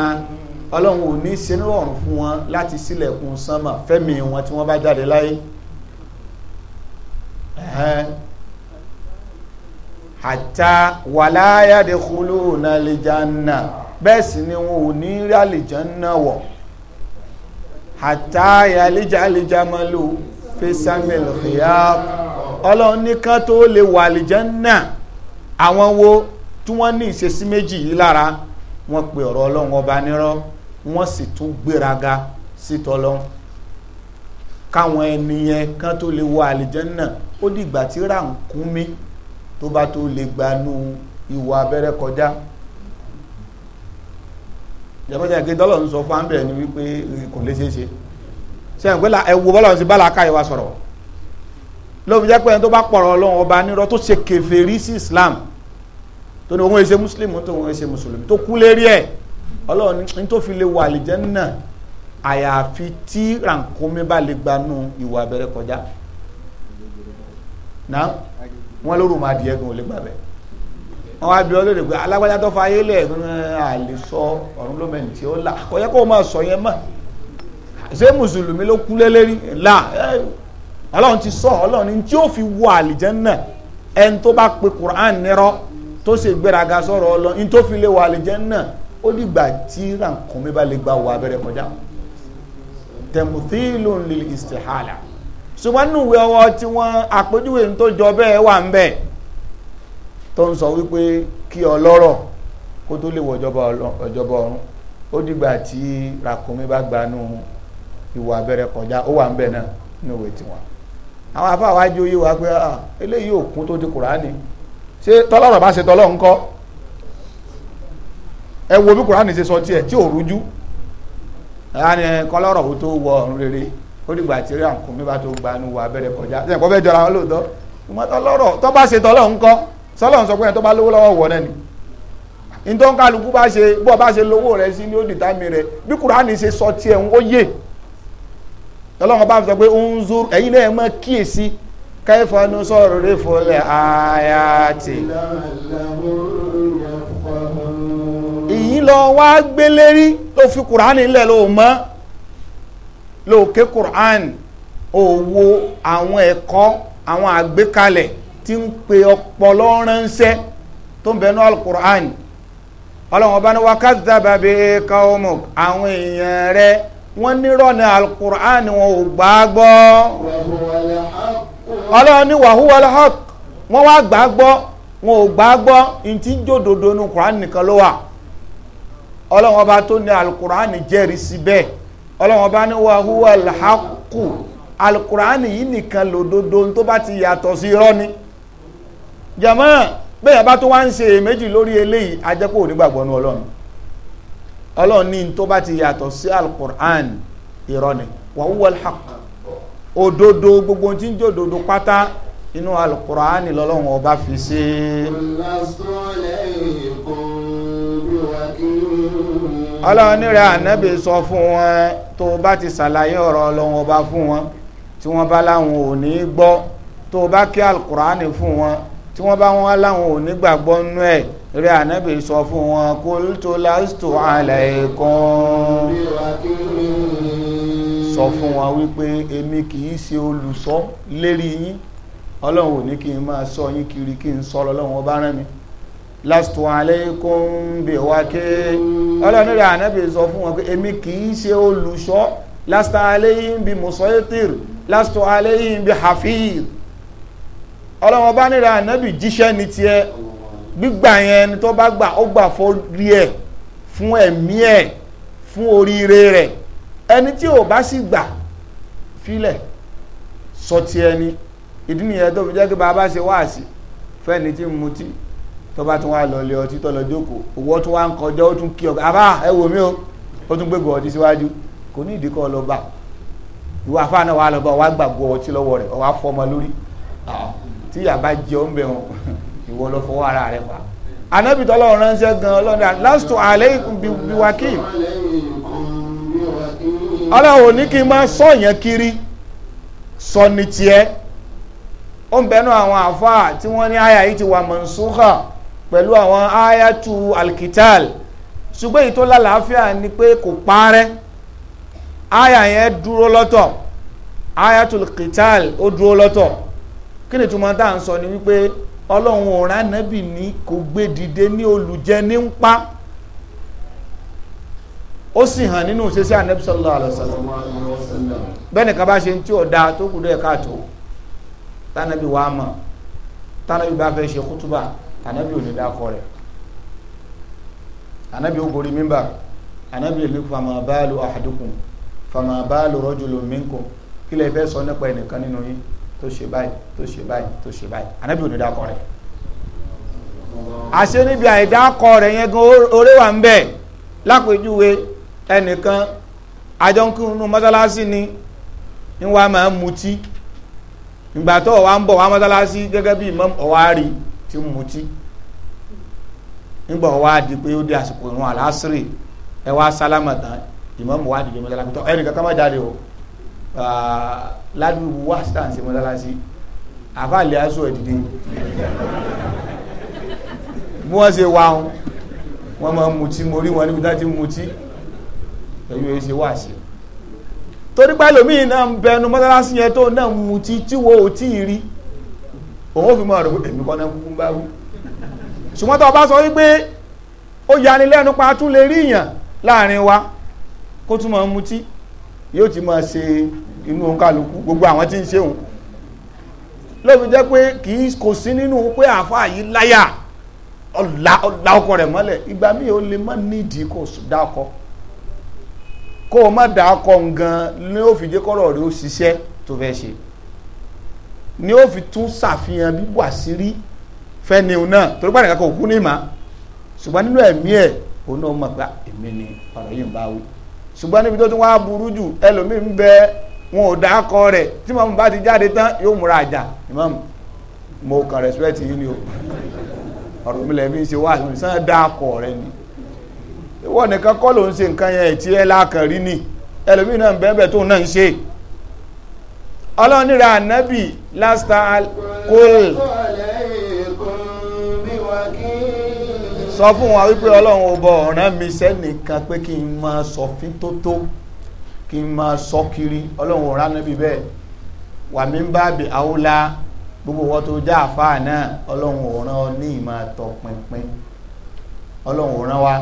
ọlọ́run ò ní ṣe nírọ̀rùn fún wọn láti sílẹ̀kùn sánmà fẹ́mi wọn tí wọ́n bá jáde láyé hatta wala yadkhuluna lìjánà bẹ́ẹ̀ sì ni wọn ò ní rí àlìjánà wọ̀ hatta yalija alijamalu fi samil khiyab ọlọ́run nìkan tó lè wà àlìjánná àwọn wo tí wọ́n ní ìṣesí méjì yìí lára wọ́n pe ọ̀rọ̀ ọlọ́run ọba nírọ́ wọ́n sì tún gbéraga sí tọlọ́run káwọn ẹni kan tó lè wọ àlìjánná ó dìgbà tí ràǹkúnmí tó bá tó lè gbanú ìwà abẹ́rẹ́ kọjá ìjọba ìgbé dọ́lọ̀ ń sọ fún àmbẹ̀ ni wípé kò lè ṣeéṣe sẹ́yìn pé ẹ̀wù bọ́lọ̀ sí bala káyọ̀ wa sọ̀rọ̀ lóbi jẹ́ pé ẹni tó bá pọ̀rọ̀ ọlọ́run ọba nírọ́ tó ṣe kèfèrí sí Islam tó ní òun ṣe mùsùlùmí tó òun ṣe mùsùlùmí tó kú lérí ẹ̀ ọlọ́run ní tó fi lè wà àlìjẹ́nnà àyàfi tí rànkómi bá lè gbanú ìwà abẹ́rẹ́ kọjá náà wọ́n lóru máa di ẹ̀gùn ò lè wọn wá bí ọ lóde pé alágbádá tó fa ayé lẹ̀ àlè sọ ọ̀run ló mẹ́rin tí ó là kò yẹ kó máa sọ yẹn mọ́ ṣé mùsùlùmí ló kú lélẹ́rí là ọlọ́run ti sọ ọlọ́run tí ó fi wọ àlìjẹ́nnà ẹni tó bá pe Quran nírọ́ tó ṣe gbéraga sọ̀rọ̀ ọlọ́run ní tó fi lè wọ àlìjẹ́nnà ó dìgbà tí rànkùnmí bá lè gba wọ abẹ́rẹ́ kọjá tẹ̀mùtílùn lil istihala ṣùgbọ́n nínú ìwé ọwọ́ tí wọ́n àpèjúwe tó jọ bẹ́ẹ̀ wà ń bẹ́ẹ̀ tó ń sọ wípé kí ọlọ́rọ̀ kó tó lè wọ ìjọba ọ̀run ó dìgbà tí ràkúnmí bá gbanú ìwà abẹ́rẹ́ kọjá ó wà ń bẹ̀ náà ní òwe tiwọn àwọn afáwájú yìí wá pé ah, eléyìí òkun tó di kùránì ṣé tọ́lọ́rọ̀ bá ṣe tọ́lọ́ ńkọ́ ẹ wo bí kùránì ṣe sọ tiẹ̀ tí ò rújú ẹ̀hánì kọ́lọ́rọ̀ ó tó wọ ọ̀run rere ó dìgbà tí ràkúnmí bá tó gbanú ìwà abẹ́rẹ́ kọjá ṣe ìkọ́fẹ́ jọra lóòótọ́ ìmọ̀tọ́lọ́rọ̀ tọ́ bá ṣe tọ́lọ́ ńkọ́ sọlọ́n sọ pé ẹni tó bá lówó lọ́wọ́ wọ̀ náà ni nítorí kálukú bá ṣe bó bá ṣe lówó rẹ sí ní ó dìtà mi rẹ bí kùránì ṣe sọ tiẹ̀ ń ó yè tọ́lọ́wọ́n bá sọ pé ń zúrú ẹ̀yin náà mọ́ kíyèsí kẹfọnú sọ̀rọ̀ rí fọlẹ̀ àyàtì ìyín lọ wá gbélérí ló fi kùránì lẹ̀ ló mọ́ ló ké kùránì àwọn ẹ̀kọ́ àwọn àgbékalẹ̀ tí ń pe ọpọlọ ránṣẹ́ tó ń bẹnu alukur'an ọlọ́run ọba ní wakazaba bi kaumuk àwọn èèyàn rẹ wọ́n nírọ̀ ní alukur'an wọn ò gbàgbọ́ ọlọ́run ní wàhúwà alhaq wọ́n wá gbàgbọ́ wọn ò gbàgbọ́ ntí jòdòdó ní kur'an nìkan ló wà ọlọ́run ọba tó ní alukur'an jẹ́rìí sí bẹ́ẹ̀ ọlọ́run ọba ní wàhúwà alhaq alukur'an yìí nìkan lòdodo tó bá ti yàtọ̀ sí irọ́ ni jàmọ́ bẹ́ẹ̀ bá tó wá ń ṣe méjì lórí eléyìí ajẹ́pọ̀ onígbàgbọ́ nu ọlọ́run ọlọ́run ní tó bá ti yàtọ̀ sí alukur'an irọ́ ni wa al-haq òdodo gbogbo tí ń jòdodo pátá inú alukur'an lọ́lọ́run ọba fi ṣe. ọlọ́run rẹ̀ ànábì sọ fún wọn tó bá ti ṣàlàyé ọ̀rọ̀ ọlọ́run ọba fún wọn tí wọ́n bá láwọn ò ní gbọ́ tó bá kí alukur'an fún wọn tí wọ́n bá wọn láwọn ò nígbàgbọ́ nú ẹ̀ rí ànábì sọ fún wọn qultu lastu alaykum sọ fún wọn wípé èmi kì í ṣe olùṣọ́ lérí yín ọlọ́run ò ní kí n máa sọ yín kiri kí n sọ ọlọ́run ọba rán mi lastu alaykum biwakil ọlọ́run rí ànábì sọ fún wọn pé èmi kì í ṣe olùṣọ́ lastu alayhim bimusaytir lastu alayhim bihafiz ọlọ́wọ́n bá nira ànábì jíṣẹ́ ní tiẹ̀ gbígbà yẹn ẹni tó bá gbà ó gbà fórí ẹ̀ fún ẹ̀mí ẹ̀ fún oríire rẹ̀ ẹni tí ò bá sì gbà filẹ̀ sọ ti ẹni ìdí nìyẹn tó fi jẹ́ kí bàbá ṣe wáàsí fẹ́ni tí ń mutí tó bá tún wá lọ lé ọtí tó lọ jókòó owó tún wá ń kọjá ó tún kí ọ àbá ẹ wò mí o ó tún gbégbó ọtí síwájú kò ní ìdíkọ lọ bá ìwà àfáà náà wà lọ bá wà gbàgbọ́ ọtí lọ́wọ́ rẹ̀ wà fọmọ lórí tí yàbá jẹ ó ń bẹ̀ wọn ìwọ ló fọwọ́ ara rẹ pa anabi tọ́lọ́ ránṣẹ́ gan ọlọ́dà lastu alaykum bi wakil ọlọ́run ò ní kí n máa sọ yẹn kiri sọ ní tiẹ́ ó ń bẹnu àwọn àfáà tí wọ́n ní àyà yìí ti wà mansukha pẹ̀lú àwọn ayatu alkital ṣùgbọ́n èyí tó lálàáfíà ni pé kò parẹ́ àyà yẹn dúró lọ́tọ̀ ayatul qital ó dúró lọ́tọ̀ kí ni túmọ̀ tá à ń sọ ni wípé ọlọ́run ọ̀rá nábì ní kò gbé dìde ní olùjẹ ní ń pa ó sì hàn nínú ìṣesí ànábì sallallahu alaihi wasallam bẹ́ẹ̀ni ká bá ṣe tí ò dáa tó kù dẹ́ káàtó tánàbí wàá mọ̀ tánàbí bá fẹ́ ṣe kútúbà ànábì ò ní dákọ rẹ̀ ànábì ó gorí mímbà ànábì èmi fama báàlù ahadukum fama báàlù rajulun minkum kí fẹ́ sọ nípa ẹnìkan nínú yín tó ṣe báyìí tó ṣe báyìí tó ṣe báyìí ànábì òní dákọ rẹ̀ àṣẹ níbi àìdákọ rẹ̀ yẹn gan oore wà ń bẹ lápèjúwe ẹnìkan àjọkùnrin mọ́sálásí ni ni wàá máa ń mutí ìgbà tó wàá ń bọ̀ wàá mọ́sálásí gẹ́gẹ́ bí ìmọ̀ ọ̀wárí ti ń mutí nígbà wàá di pé ó di àsìkò ìrun àlásìrì ẹ wá sálámà tán ìmọ̀ ọ̀wá dìde mọ́sálásí tó ẹnìkan ká má jáde o. Ah, ládùúgbò wá sàn sí mọ́sálásí àfáàlẹ́ aṣọ ìdìde bí wọ́n ṣe wá wọn wọ́n máa ń mutí mo rí wọn níbi tá ti ń mutí èyí ò ṣe wá sí torí pé ẹlòmíì náà ń bẹnu mọ́sálásí yẹn tó náà mutí tí wo ò tí ì rí òun fi máa rò èmi kọ́ náà kúkú bá wú ṣùgbọ́n tó o bá sọ wípé ó yanilẹ́nu pa tún lè rí yàn láàrin wa kó tún máa mutí yóò ti máa ṣe inú kálukú gbogbo àwọn tí ń ṣe òun lóbi jẹ́ pé kì í kò sí nínú pé àáfàá yìí láyà ọ̀la ọ̀la rẹ̀ mọ́lẹ̀ ìgbà míì ó lè má nídìí kò dákọ kó o má dákọ ngan ni ó fi jẹ́ kọ́rọ̀ rẹ̀ ó ṣiṣẹ́ tó fẹ́ ṣe ni ó fi tún ṣàfihàn bíbọ̀ àṣírí fẹ́ni náà torí pàdé kankan òkú ní ìmọ̀ ṣùgbọ́n nínú ẹ̀mí ẹ̀ òun náà mọ̀ pé èmi ni ọ̀rọ̀ yìí ń bá wí ṣùgbọ́n níbi tó tún wá burú jù ẹlòmíì ń bẹ wọn ò dákọ rẹ̀ tí mọ̀mù bá ti jáde tán yóò múra àjà ìmọ̀mù mo kàn respect yìí ni o ọ̀rọ̀ mi lẹ́bí ń ṣe wá àṣìwọ̀n sàn dákọ rẹ̀ ni ìwọ nìkan kọ́ ló ń ṣe nǹkan yẹn tí ẹ lákàn rí ni ẹlòmíì náà ń bẹ́ẹ̀ tó náà ń ṣe ọlọ́nira ànábì lásìtà kóòlù. sọ fún wa wípé ọlọ́run ò bọ̀ ọ̀ràn mi sẹ́nìkan pé kí n máa sọ fín tó kí n máa sọ kiri ọlọ́run ò rán níbi bẹ́ẹ̀ wà mí bá bi àwòlá gbogbo wọn tó já àfáà náà ọlọ́run ò ní ìmọ̀ àtọ̀ pínpín ọlọ́run ò rán wa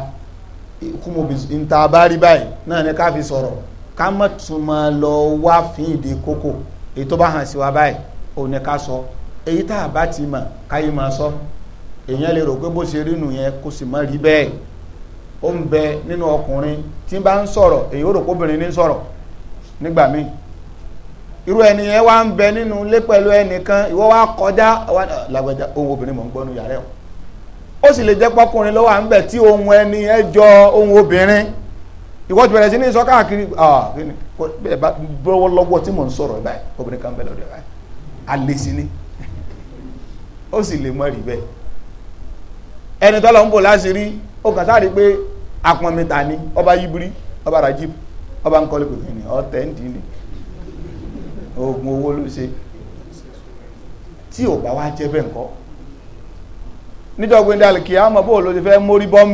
kú mo bìí ta bá rí báyìí náà ni ká fi sọ̀rọ̀ ká mọ̀ tún máa lọ wá fín ìdí kókò èyí tó bá hàn sí wa báyìí òun ni ká sọ èyí tá a bá ti mọ̀ káyé máa sọ. èèyàn lè rò pé bó ṣe rí nù yẹn kó sì má rí bẹ́ẹ̀ ó ń bẹ nínú ọkùnrin tí bá ń sọ̀rọ̀ èyí ó rò kóbìnrin ní sọ̀rọ̀ nígbà míì irú ẹni yẹn wá ń bẹ nínú ilé pẹ̀lú ẹnìkan ìwọ wá kọjá ah, làgbàjá ohun obìnrin mọ̀ ń gbọ́nu yàrá ẹ̀ ó sì lè jẹ́ pọ́kùnrin lọ́wọ́ à ń bẹ̀ tí ohun ẹni yẹn jọ ohun obìnrin ìwọ ti bẹ̀rẹ̀ sí ní sọ káàkiri ah, lọ́wọ́ tí mò ń sọ̀rọ̀ báyìí obìnrin kan bẹ̀ lọ́dọ̀ báyìí alẹ́ sí ni ó sì lè mọ̀ rí bẹ́ẹ̀ ẹni tọ́lọ̀ ń bò láṣìírí ó kàn sáà rí pé àpọn mi tà ní ọba yibiri ọba rajib ọba nkọ́lé kò ní ọ̀tẹ̀ ń dín ní oògùn owó ló ṣe tí ò bá wá jẹ́ bẹ́ẹ̀ ńkọ́ níjọ́ gbendal kì á mọ̀ bóò ló ti fẹ́ mórí bọ́ ń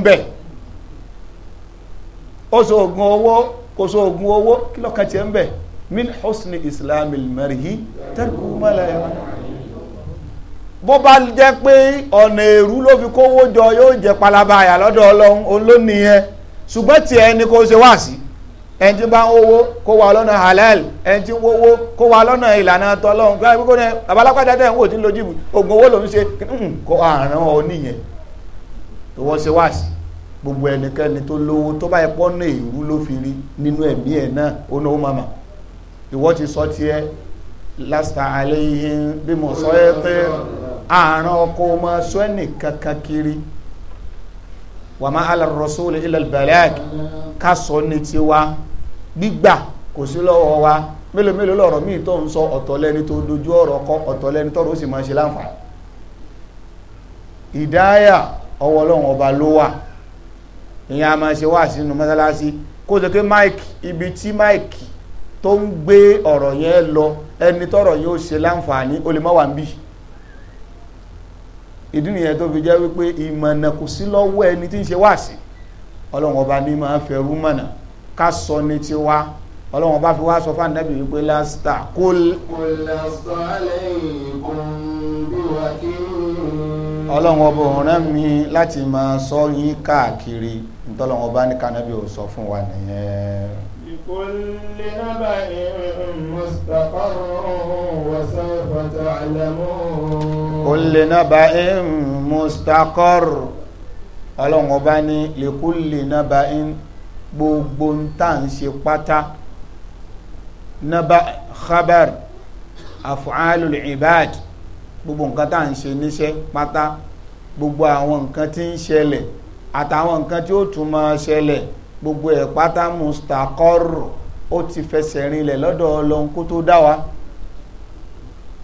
ó so oògùn owó kò so oògùn owó kí lọ́kàn tiẹ̀ ń bẹ̀ min husni islamil marhi tarku ma la ya'lam bó bá jẹ́ pé ọ̀nà èrú ló fi kówó jọ yóò jẹ́ palaba àyà lọ́dọ̀ ọlọ́run olónìí yẹn ṣùgbọ́n tí ẹni kó ṣe wá sí ẹni tí bá ń wówó kó wà lọ́nà halal ẹni tí ń wówó kó wà lọ́nà ìlànà tọ́lọ́run gbá gbogbo ní babalápàdé tẹ̀ ń wò tí ń lo jìbù oògùn owó lòún ṣe kó àrùn ọ nìyẹn tó wọ́n ṣe wá sí gbogbo ẹnikẹ́ni tó lówó tó bá ẹpọ́ ní ìrú ló fi rí nínú ẹ̀mí ẹ̀ náà ó náwó mama ìwọ ti sọ tiẹ̀ lásìkò àlẹ́ yìí bí mo sọ ẹ pé àrùn ọkọ̀ ọmọ sọ ẹnìkan kan kiri wà má ala rọ̀sọ́ọ̀lù ilẹ̀ balak ká sọ ní tiwa gbígbà kò sí lọ́wọ́ wa mélòó mélòó lọ́rọ̀ míì tó ń sọ ọ̀tọ̀ lẹ́ni tó dojú ọ̀rọ̀ kọ ọ̀tọ̀ lẹ́ni tọ́rọ̀ ó sì máa ṣe láǹfààní ìdáyà ọwọ́ ọlọ́run ọba ló wà ìyẹn a máa ṣe wá sínú mọ́sálásí kó tó ké mike ibi tí mike tó ń gbé ọ̀rọ̀ yẹn lọ ẹni tọ́rọ̀ yóò ṣe láǹfààní ó má wà ń bíi ìdí nìyẹn tó fi jẹ́ wípé ìmọ̀nà kò sí lọ́wọ́ ẹni tí ń ṣe wáàsí ọlọ́run ọba ní máa fẹ́ rúmọ̀nà ká sọ ní wá ọlọ́run ọba fi wá sọ fún ànábì wípé lásìtà kó ọlọ́run ọba ọ̀ràn mi láti máa sọ yín káàkiri ọba ní kánábì ò fún wa nìyẹn. كل نبأ مستقر وسوف تعلمون كل نبأ مستقر ọlọ́run ọba ní lèkúlè nába ń gbogbo ń tà ń ṣe pátá nába khabar af'alul ibad gbogbo nǹkan tà ń ṣe níṣẹ́ pátá gbogbo àwọn nǹkan tí ń ṣẹlẹ̀ àtàwọn nǹkan tí ó tún máa ṣẹlẹ̀ gbogbo ẹ̀ pátá mustaqarr ó ti fẹsẹ̀ rinlẹ̀ lọ́dọ̀ ọlọ́run kó tó dá wa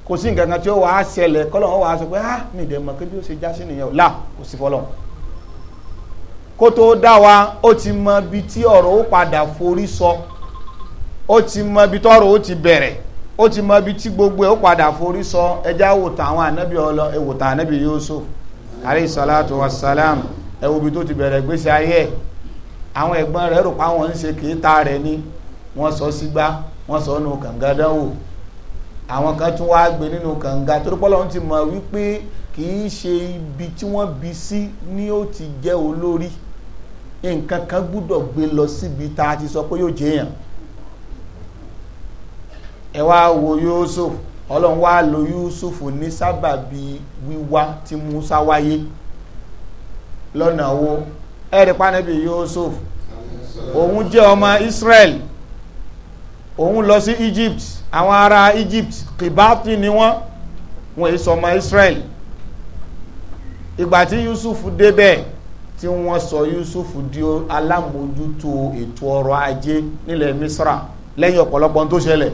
kò sí nǹkan kan tí ó wàá ṣẹlẹ̀ kọ́lọ́n ó wàá sọ pé á ah, mi mọ̀ pé bí ó ṣe já sí nìyẹn ò là kò sí fọlọ́n gbogbo ẹ̀ ó padà forí sọ ọlọ ẹ wò salatu ẹ wo ibi tó ti bẹ̀rẹ̀ àwọn ẹ̀gbọ́n rẹ̀ rò páwọn ń ṣe kéétà rẹ̀ ni wọ́n sọ sígbá wọ́n sọ nù kànga dánwò àwọn kan tún wáá gbé nínú kànga torí pé Ọlọ́run ti mọ̀ wípé kì í ṣe ibi tí wọ́n bí sí ni ó ti jẹ́ olórí nǹkan kan gbúdọ̀ gbé lọ síbi tá a ti sọ pé yóò jẹyàn ẹ wá wo Yusuf Ọlọ́run wá lo Yusuf ní sábàbí wíwá tí Musa wáyé lọ́nà wo ẹ̀rí pánẹ́bì Yusuf òun jẹ́ ọmọ Israel òun lọ sí Egypt àwọn ará Egypt kìbáàtì ni wọ́n wọ́n èso ọmọ Israel ìgbà tí Yusuf débẹ̀ tí wọ́n sọ Yusuf di alámòjútó ètò ọrọ̀ ajé nílẹ̀ Misra lẹ́yìn ọ̀pọ̀lọpọ̀ tó ṣẹlẹ̀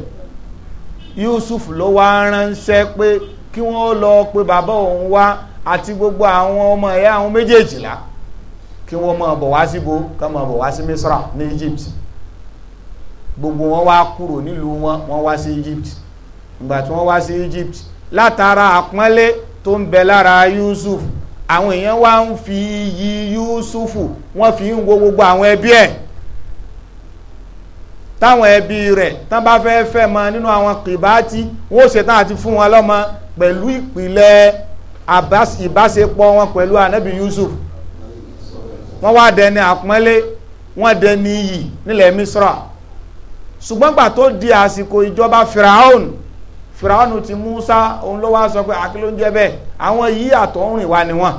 Yusuf ló wá ránṣẹ́ pé kí wọ́n lọ pé bàbá òun wá àti gbogbo àwọn ọmọ ẹ̀yà àwọn méjèèjìlá kí wọ́n máa bọ̀ wá síbo ká máa bọ̀ wá sí Misra ní Egypt gbogbo wọn wá kúrò nílùú wọn wọn wá sí Egypt ìgbà tí wọ́n wá sí Egypt látara àpọ́nlé tó ń bẹ lára Yusuf àwọn èèyàn wá ń fi yí Yusuf wọ́n fi ń wo gbogbo àwọn ẹbí ẹ̀ táwọn ẹbí rẹ̀ tán bá fẹ́ fẹ́ mọ nínú àwọn kìbátì wọ́n ó ṣetán àti fún wọn lọ́mọ pẹ̀lú ìpìlẹ̀ ìbáṣepọ̀ wọn pẹ̀lú anabi Yusuf wọ́n wá dẹni àpọ́nlé wọ́n dẹni iyì nílẹ̀ misra ṣùgbọ́n gbà tó di àsìkò ìjọba firaun firaun ti musa òun ló wá sọ pé àkìló ń jẹ bẹ́ẹ̀ àwọn yìí àtọ̀húnrìn wa ni wọ́n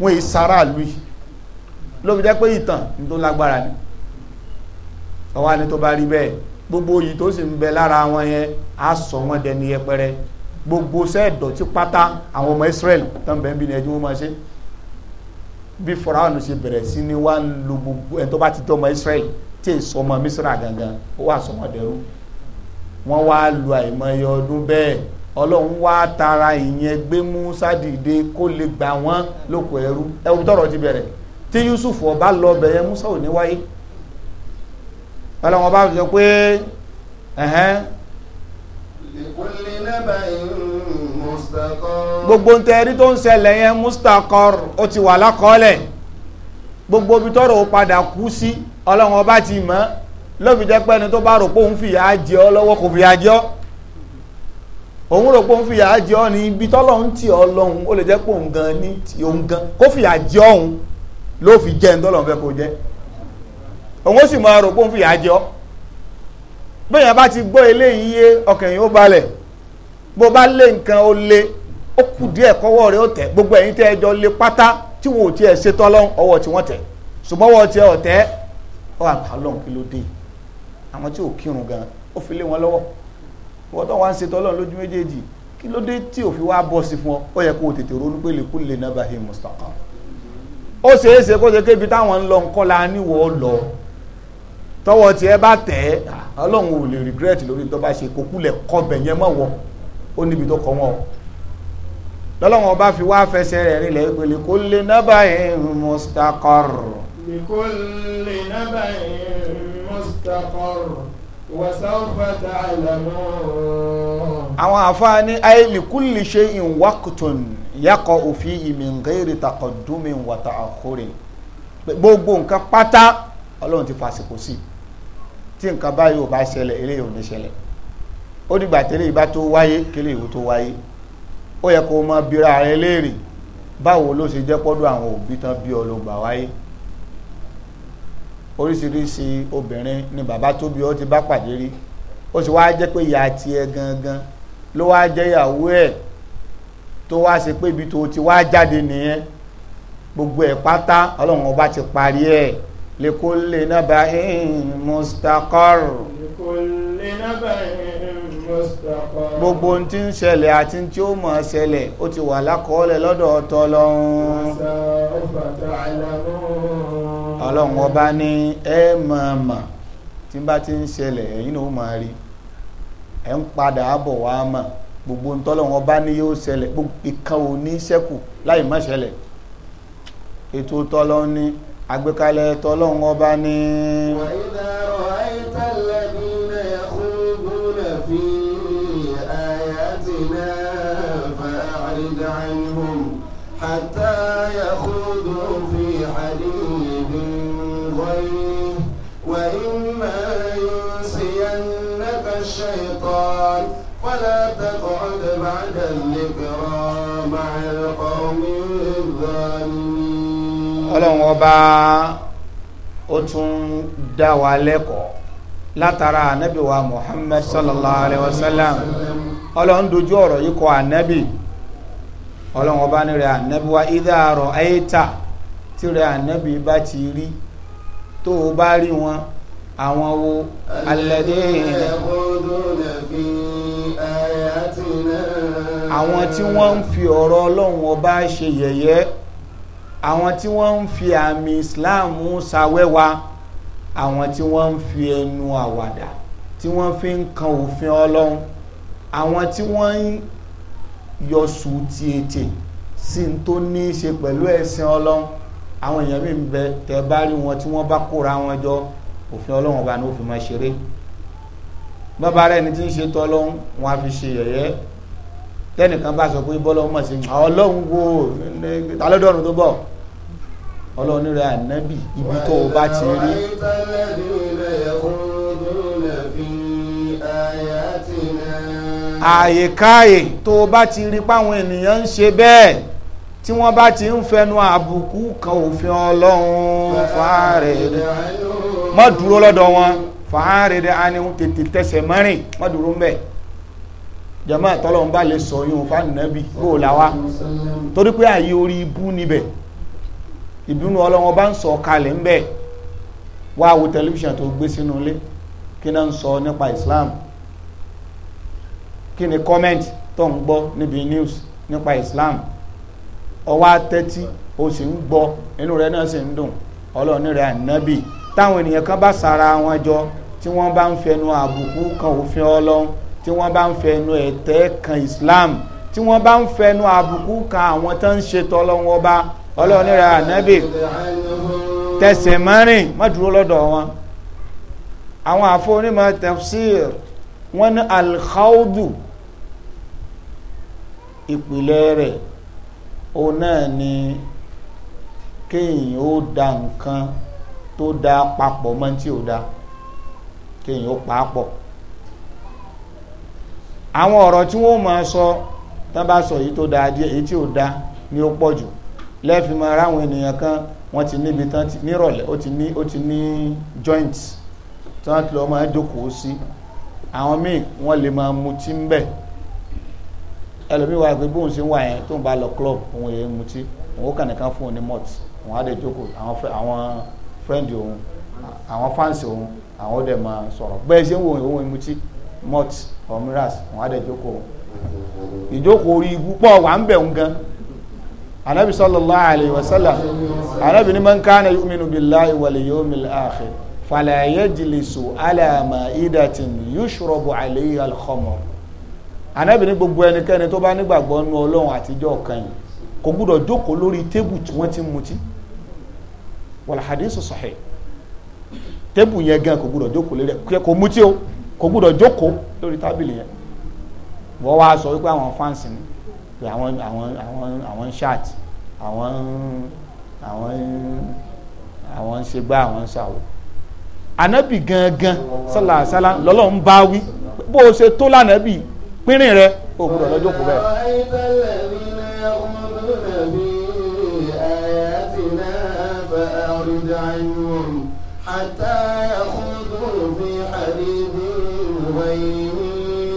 wọ́n èyí sára lùi ló fi jẹ́ pé ìtàn ní tó lágbára ni ọwọ́ ni tó bá rí bẹ́ẹ̀ gbogbo yìí tó sì ń bẹ lára wọn yẹn á sọ wọn dẹni yẹpẹrẹ gbogbo sẹ́ẹ̀dọ̀tí pátá àwọn ọmọ israẹli tó ń bí ni ẹjú wọn máa ṣe bí fọláhàn ṣe bẹ̀rẹ̀ sí ni wà ń lu gbogbo ẹni tó bá ti dọ́mọ Israẹli tí èso ọmọ Misra gangan ó wà sọmọ dẹrú wọn wá lu àìmọye ọdún bẹ́ẹ̀ Ọlọ́run wá tara ìyẹn gbé Musa dìde kó lè gbà wọ́n lóko ẹrú ẹrú tọrọ ti bẹ̀rẹ̀ tí Yusuf ọba lọ bẹ̀yẹ Musa ò ní wáyé Ọlọ́run ọba sọ pé ẹ̀hẹ́n. lè kó lè nábàá ìlú gbogbo ń tẹ ẹni tó ń ṣẹlẹ̀ yẹn mustaqar ó ti wà lákọọ́lẹ̀ gbogbo ibi tọ́rọ̀ ó padà kú sí ọlọ́run ọba ti mọ̀ lóbi jẹ́ pé ẹni tó bá rò pé òun fìyà jẹ ọ́ lọ́wọ́ kò fìyà jẹ ọ́ òun rò pé òun fìyà jẹ ọ́ ní ibi tọ́lọ́run tì ọ́ lọ́hùn ó lè jẹ́ pé òun gan ní òun gan kó fìyà jẹ ọ̀hún ló fi jẹ́ ẹni tọ́lọ́run fẹ́ kó jẹ́ òun ó sì mọ̀ rò pé òun fìyà jẹ ọ́ bẹ́ẹ̀ bá ti gbọ́ eléyìí yé ọkàn yìí ó balẹ̀ bó bá lé nǹkan ó lé ó kù díẹ̀ kọ́wọ́ rẹ̀ ó tẹ̀ gbogbo ẹ̀yin tẹ́ ẹ jọ lé pátá tí wọn ò tiẹ̀ ṣe tọ́lọ́n ọwọ́ tí wọ́n tẹ̀ ṣùgbọ́n ọwọ́ tiẹ̀ ọ̀tẹ́ ọ àbálọ̀n kí ló dé àwọn tí ò kírun gan ó fi lé wọn lọ́wọ́ wọ́n tó wá ń ṣe tọ́lọ́n lójú méjèèjì kí ló dé tí ò fi wá bọ́ sí fún ọ ó yẹ kó o tètè ronú pé lè kú lè nàbà he mustaqam ó ṣeé kó ṣe kébi táwọn ń lọ ńkọ́ la níwọ̀ lọ tọwọ́ tiẹ̀ bá tẹ̀ ọlọ́run ò lè regret lórí tó bá ṣe kókú lẹ̀ kọ́ bẹ̀yẹn mọ́ ó níbi tó kọ wọn o lọ́lọ́wọ́n ọba fi wá fẹsẹ̀ rẹ̀ rinlẹ̀ pé lè kó lè nábà ẹ̀ mustaqar. lè kó lè nábà ẹ̀ mustaqar wa sawfa ta'lamun. àwọn àfáàní ayé lè kú lè ṣe ìwákùtùn yàkọ̀ òfin ìmìngẹ́rì takọ̀dúnmí wàtà àkórè gbogbo nǹkan pátá ọlọ́run ti fàṣìkò sí tí nǹkan báyìí ò bá ṣẹlẹ̀ eléyìí ò ní ṣẹlẹ̀ ó dìgbà tẹ́lẹ̀ ìbá tó wáyé kílẹ̀ ìwò tó wáyé ó yẹ kó mọ bíra rẹ léèrè báwo ló ṣe jẹ́ pọ́dọ̀ àwọn òbí tán bí ọlọ́gbà wáyé oríṣiríṣi obìnrin ni bàbá tó bí ọ ti bá pàdé rí ó sì wáá jẹ́ pé ìyá tiẹ̀ gangan ló wáá jẹ́ ìyàwó ẹ̀ tó wáá ṣe pé ibi tó ti wáá jáde nìyẹn gbogbo ẹ̀ pátá ọlọ́run ọba ti parí ẹ̀ lẹ́kọ́ lè nábàá ẹ̀ mustaqar. lẹ́kọ́ lè ẹ̀ gbogbo tí ń ṣẹlẹ̀ àti tí ó mọ̀ ṣẹlẹ̀ ó ti wà lákọọ́lẹ̀ lọ́dọ̀ ọ̀tọ̀ lọ́hún ọlọ́run ọba ní ẹ mọ̀ọ̀mọ̀ tí bá ti ń ṣẹlẹ̀ ẹ̀yin náà máa rí ẹ ń padà bọ̀ wá mọ̀ gbogbo ntọ́lọ́run ọba ní yóò ṣẹlẹ̀ ìkan ò ní ṣẹ́kù láì má ṣẹlẹ̀ ètò tọ́lọ́ ní àgbékalẹ̀ tọ́lọ́run ọba ní. wàyí dárò àyíká lẹ́nu náà حتى يخوضوا في حديث غيره وإما ينسينك الشيطان فلا تقعد بعد الذكرى مع القوم الظالمين ọlọ́run ọba ó tún dá wa lẹ́kọ̀ọ́ látara ànábì wa Muhammad sallallahu alayhi wa sallam ọlọ́run dojú ọ̀rọ̀ yìí kọ ànábì ọlọ́run ọba ní rẹ̀ ànábi wa ìdá àrọ̀ ayéta tí rẹ̀ ànábi bá ti rí tó o bá rí wọn àwọn wo alẹ́dẹ́ àwọn tí wọ́n ń fi ọ̀rọ̀ ọlọ́run ọba ṣe yẹ̀yẹ́ àwọn tí wọ́n ń fi àmì Islam ṣàwẹ́wà àwọn tí wọ́n ń fi ẹnu àwàdà tí wọ́n fi ń kan òfin ọlọ́run àwọn tí wọ́n ń yọ sùútì ètè sí n tó ní í ṣe pẹ̀lú ẹ̀sìn ọlọ́run àwọn èèyàn mi ń bẹ tẹ bá rí wọn tí wọ́n bá kóra wọn jọ òfin ọlọ́run ọba ni ó máa ṣeré bàbá rẹ̀ ni tí ń ṣe tọ́lọ́run wọn á fi ṣe yẹ̀yẹ́ tẹ́nìkan bá sọ pé bọ́lọ́run mọ̀ sí ọlọ́run wo talọ́dọ̀run tó bọ̀ ọlọ́run rẹ̀ ànábì ibi tó o bá ti rí. àyèkáyè tó o bá ti rí páwọn ènìyàn ń ṣe bẹ́ẹ̀ tí wọ́n bá ti ń fẹnu àbùkù kan òfin ọlọ́run fàárẹ̀ mọ́ dúró lọ́dọ̀ wọn fàárẹ̀ rẹ̀ á ní tètè tẹsẹ̀ mẹ́rin mọ́ dúró ń bẹ̀ jama tọ́lọ́run bá lè sọ yóò fánàbí bó o làwa torí pé ààyè orí ibú níbẹ̀ ìbínú ọlọ́run bá ń sọ kalẹ̀ ń bẹ̀ wá wo tẹlifíṣàn tó gbé sínú ilé kí náà ń sọ nípa Islam kí ni comment tó ń gbọ́ níbi news nípa Islam ọwọ́ atẹ́tí o sì ń gbọ́ inú rẹ náà sì ń dùn ọlọ́ọ̀ni rẹ ànábì táwọn ènìyàn kan bá sara wọn jọ tí wọ́n bá ń fẹnu àbùkù kan òfin ọlọ́run tí wọ́n bá ń fẹnu ẹ̀tẹ́ kan Islam tí wọ́n bá ń fẹnu àbùkù kan àwọn tó ń ṣe tọ́lọ́run ọba ọlọ́ọ̀ni rẹ ànábì tẹsẹ̀ mẹ́rin má dúró lọ́dọ̀ wọn àwọn àfọ onímọ̀ tafsir wọn ní alkhaudu ìpìlẹ̀ rẹ̀ o náà ni kéèyàn ó da nǹkan tó da papọ̀ mọ́ tí ò da kéèyàn ó pa á pọ̀ àwọn ọ̀rọ̀ tí wọ́n máa sọ tán bá sọ èyí tó da díẹ̀ èyí tí ò da ni ó pọ̀ jù lẹ́ẹ̀fi máa ráwọn ènìyàn kan wọ́n ti níbi tán nírọ̀lẹ́ ó ti ní ó ti ní joint tí wọ́n ti lọ́ọ́ máa jókòó sí àwọn míì wọ́n lè máa mutí ń bẹ̀ ẹlòmíì wà pé bóun ṣe ń wà yẹn tóun bá lọ club òun yẹn mutí òun ó kàn nìkan fún òun ní malt òun á lè jókòó àwọn àwọn friend òun àwọn fans òun àwọn ó dẹ̀ máa sọ̀rọ̀ bẹ́ẹ̀ ṣe ń wò òun mutí malt or miras òun á lè jókòó ìjókòó orí igbú pọ̀ wà ń bẹ̀ òun gan anabi sallallahu alayhi wa sallam anabi ni man kana yu'minu billahi wal yawmil akhir fala yajlisu ala ma'idatin yushrabu alayha al-khamr anábì ní gbogbo ẹnikẹ́ni tó bá nígbàgbọ́ nú ọlọ́run àtijọ́ ọ̀kan yìí kò gbúdọ̀ jókòó lórí tébù tí wọ́n ti ń mutí wal hadith sahih tébù yẹn gan kò gbúdọ̀ jókòó lórí ẹ̀ kò mutí o kò gbúdọ̀ jókòó lórí tábìlì yẹn wọ́n wá sọ wípé àwọn fáǹsì ni pé àwọn àwọn àwọn àwọn ṣáàtì àwọn àwọn àwọn ṣe gbá àwọn ṣàwọ̀ anábì gangan sálàsálà lọ́lọ́ ń bá wí bó o ṣe tó lánàbì pínrín rẹ o gbọ́dọ̀ lọ́jọ́ kù bẹ́ẹ̀.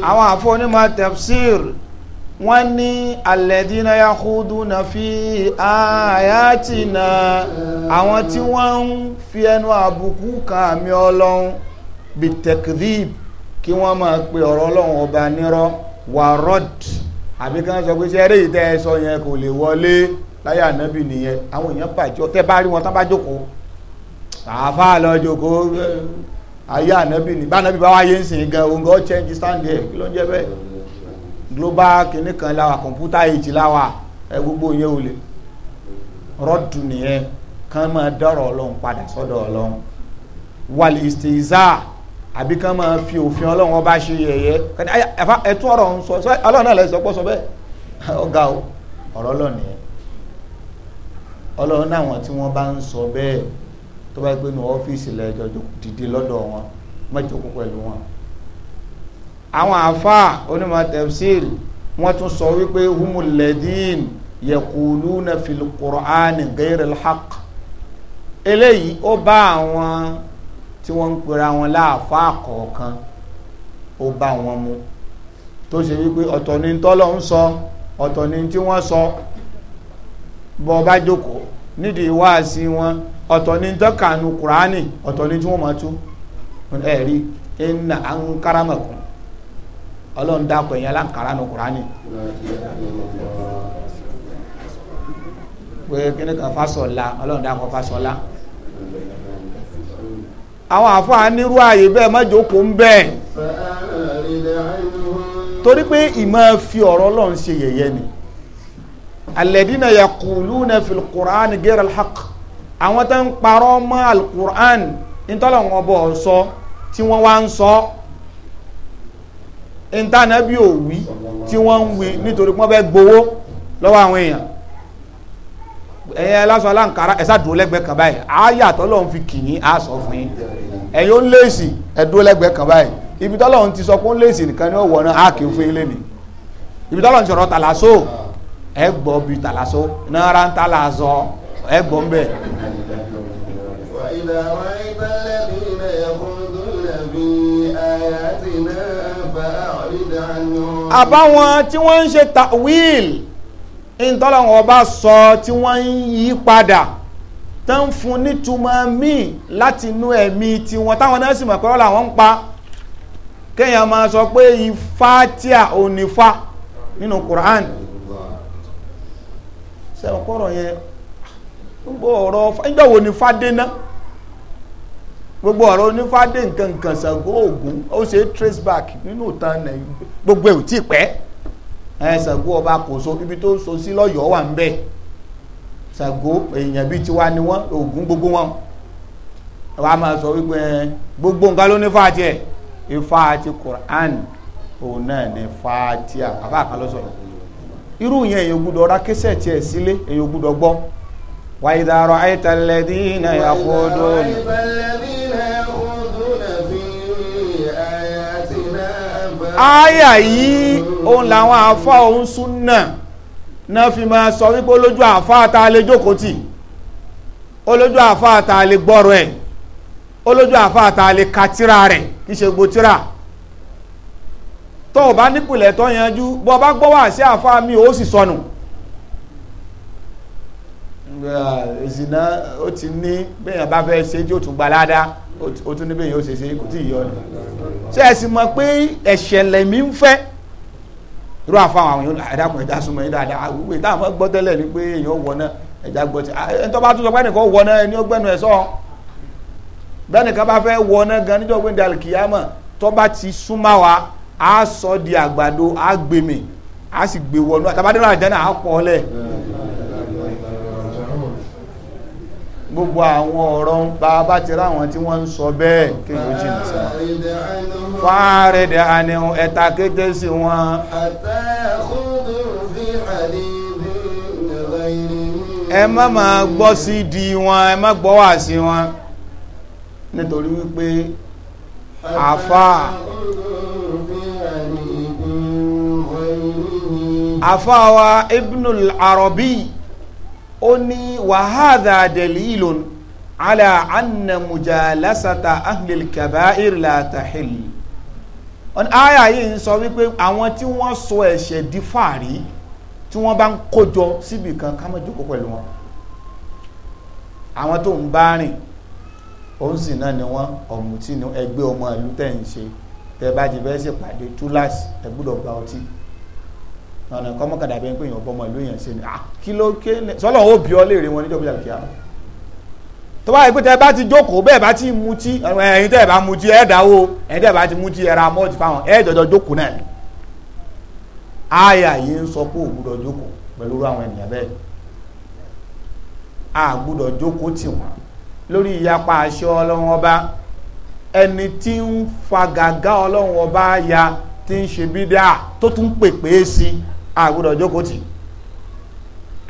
àwọn àfọ́nímọ̀ tafsir wọ́n ní alẹ́dínà yakhuduna fi ayatina àwọn tí wọ́n ń fi ẹnu àbùkù kan àmì ọlọ́run bitekdib kí wọ́n máa pe ọ̀rọ̀ ọlọ́run ọba nírọ́ warod àbí kí wọ́n sọ pé ṣe eré ìtẹ́ ẹ sọ yẹn kò lè wọlé láyé ànábì nìyẹn àwọn èèyàn bàjọ́ tẹ́ bá rí wọn tán bá jókòó àáfà lọ jókòó ayé ànábì ní bá ànábì bá wáyé ń sìn gan òǹgọ́ change stand there kí ló ń jẹ́ bẹ́ẹ̀ global kìnnì kan láwa kọ̀ǹpútà èjì láwa ẹ gbogbo yẹn ò lè rọ́ọ̀dù nìyẹn kán máa dọ̀rọ̀ ọlọ́run padà sọ́dọ̀ ọlọ́run wàlìstìzáà àbí kán máa fi òfin ọlọ́run ọba ṣe yẹ̀yẹ́ ẹ̀tún ọ̀rọ̀ ń sọ ọlọ́run náà lẹ́sọ̀ pọ̀ sọ bẹ́ẹ̀ ọ̀gá o ọ̀rọ̀ ọlọ́run yẹn ọlọ́run náà àwọn tí wọ́n bá ń sọ bẹ́ẹ̀ tó bá gbé nu ọ́fíìsì lẹ́jọ́ dìde lọ́dọ̀ wọn mọ́jọ́kú pẹ̀lú wọn. àwọn àáfàá onímọ̀ tafsir wọ́n tún sọ wípé humulẹ̀dín yaquluna fil Qur'ani ghayril eléyìí ó bá àwọn tí wọ́n ń pera wọn láàfáà kọ̀ọ̀kan ó bá wọn mu tó ṣe wípé ọ̀tọ̀ ni tọ́lọ́ ń sọ ọ̀tọ̀ ni tí wọ́n sọ bọ́ bá jókòó nídìí wáàsí wọn ọ̀tọ̀ ni tọ́kànú kùránì ọ̀tọ̀ ni tí wọ́n máa tú ẹ̀rí ẹ̀nà ànkáràmọ̀kùn ọlọ́run dákọ̀ ẹ̀yìn aláǹkáránù kùránì pé kí ni kan fásọ̀la ọlọ́run dákọ̀ fásọ̀la àwọn àfáà nírú ààyè bẹ́ẹ̀ má jókòó ń bẹ́ẹ̀ torí pé ìmọ̀ fi ọ̀rọ̀ Ọlọ́run ṣe yẹ̀yẹ́ ni alladhina yaquluna fil Qur'an ghayra al-haq àwọn tó ń parọ́ mọ́ al-Qur'an nítọ́lọ̀ wọn bọ̀ sọ tí wọ́n wá ń sọ ìntànà bí tí wọ́n ń wí nítorí pé wọ́n gbowó lọ́wọ́ àwọn èèyàn ẹ̀yin aláṣọ aláǹkárá ẹ̀ sáà dúró lẹ́gbẹ̀ẹ́ kan báyìí àáyà tọ́lọ́run fi kì yín á sọ fún yín ẹ̀yin ó ń léèsì ẹ̀ dúró lẹ́gbẹ̀ẹ́ kan báyìí ibi tọ́lọ́run ti sọ pé ó ń léèsì nìkan ni ó wọ̀ náà á kì í fún yín lẹ́nìí ibi tọ́lọ́run ti sọ̀rọ̀ tàlàsó ẹ̀ gbọ́ bí tàlàsó náírà ń tàlàsọ ẹ̀ gbọ́ ń bẹ̀. àbáwọn tí wọ́n ń ṣe tawil ìtọ́lọ́wọ́n ọba sọ tí wọ́n ń yí padà tó ń fún nítumọ̀ míì láti inú ẹ̀mí tiwọn táwọn náà sì mọ̀ pé wọn pa kéèyàn máa sọ pé ifá tí a ò ní fa nínú Quran gbogbo ọ̀rọ̀ ẹjọ́ wo ni gbogbo ọ̀rọ̀ onífádé nǹkan nǹkan Ṣàngó Ògún ó ṣe trace back nínú ìtàn gbogbo ẹ̀ ò tí ẹ ọba Kòso ibi tó so sí lọ́yọ̀ọ́ wà ń bẹ̀ Ṣàngó èèyàn bíi tiwa ni wọ́n gbogbo wọn wàá máa sọ wípé gbogbo nǹkan ló ní fàtí ẹ̀ ifá àti Quran òun náà ní fàtí àbá kan sọ̀rọ̀ irú yẹn gbúdọ̀ kẹsẹ̀ tiẹ̀ sílé gbúdọ̀ gbọ́ òun làwọn àfá òun súnà náà fi máa sọ wípé olójú àfá àta lè jókòó tì olójú àfá àta lè gbọ́rọ̀ ẹ̀ olójú àfá àta lè ka tíra rẹ̀ kì í ṣe gbogbo tíra tó o bá nípìnlẹ̀ tó yanjú bó o bá gbọ́ wá sí àfá mi ó sì sọnù ìsìná ó ti ní bẹ́yàn bá fẹ́ ṣe tí ó tún gbalada ó tún ní bẹ́yàn ó ṣe ṣe kò tí ì yọ ni ṣe ẹ̀sìn mọ̀ pé ẹ̀ṣẹ̀lẹ̀ mi ń fẹ́ irú àfáwọn àwọn ẹ̀dàkùn ẹ̀dá súnmọ́ ẹ̀dá àdá àwùwé táwọn fẹ́ gbọ́ tẹ́lẹ̀ ni pé èèyàn wọ náà ẹ̀dá gbọ́ tí ẹni tó bá tún sọ pé ẹnìkan wọ náà ẹni ó gbẹ́nu ẹ̀ sọ bẹ́ẹ̀ nìkan bá fẹ́ wọ náà gan níjọ́ pé dàlùkìyàmọ̀ tó bá ti súnmọ́ wa á sọ di àgbàdo á gbèmí á sì gbé àtàbádé náà àjẹ́ náà á pọ̀ ọ́lẹ̀ gbogbo àwọn ọ̀rọ̀ ń bá bá ti ráwọn tí wọ́n ń sọ bẹ́ẹ̀ kí wọ́n jìnà sí wọn fáàrẹ̀dẹ̀ àníhun ẹ̀ta kété sí wọn ẹ má ma gbọ́ sí di wọn ẹ má gbọ́ wà sí wọn nítorí wípé àfáà àfáà wa Ibnul Arabi ó ní wàhádà dẹ̀lílùn ala anna mujalasata ahlil kaba'ir la tahil aya yìí ń sọ wípé àwọn tí wọ́n sọ ẹ̀ṣẹ̀ di fàárí tí wọ́n bá ń kójọ síbi kan ká pẹ̀lú wọn àwọn tó ń bá rìn òun sì náà ni wọ́n ọ̀mùtí ẹgbẹ́ ọmọ ìlú tẹ̀ ń ṣe tẹ bá ti fẹ́ ṣèpàdé túláàsì ẹ gba ọtí ọ̀nà kọ́mọ́kàdà bẹ́ẹ̀ pé èèyàn bọ́mọ ìlú yẹn ṣe ni ah, kí ló ké sọ́lọ́ ó bí ọ léèrè wọn níjọba ìyàkíyà tó bá yẹ pé tẹ bá ti jókòó bẹ́ẹ̀ bá ti mutí ẹ̀yin tẹ́ ẹ̀ bá mutí ẹ̀ dáwó ẹ̀yin tẹ́ ẹ̀ bá ti mutí ẹ̀ ra mọ́ọ̀tì fáwọn ẹ̀ jọjọ jókòó náà ni àyà yìí ń sọ pé ò gbúdọ̀ jókòó pẹ̀lú àwọn ènìyàn bẹ́ẹ̀ a gbúdọ̀ jókòó tì wọ́n lórí ìyapa àṣẹ ọlọ́run ọba ẹni tí ń fa gàgá ọlọ́run ọba ya ti ń ṣe bídà tó tún pèpè sí i àgbọ́dọ̀ jókòó tì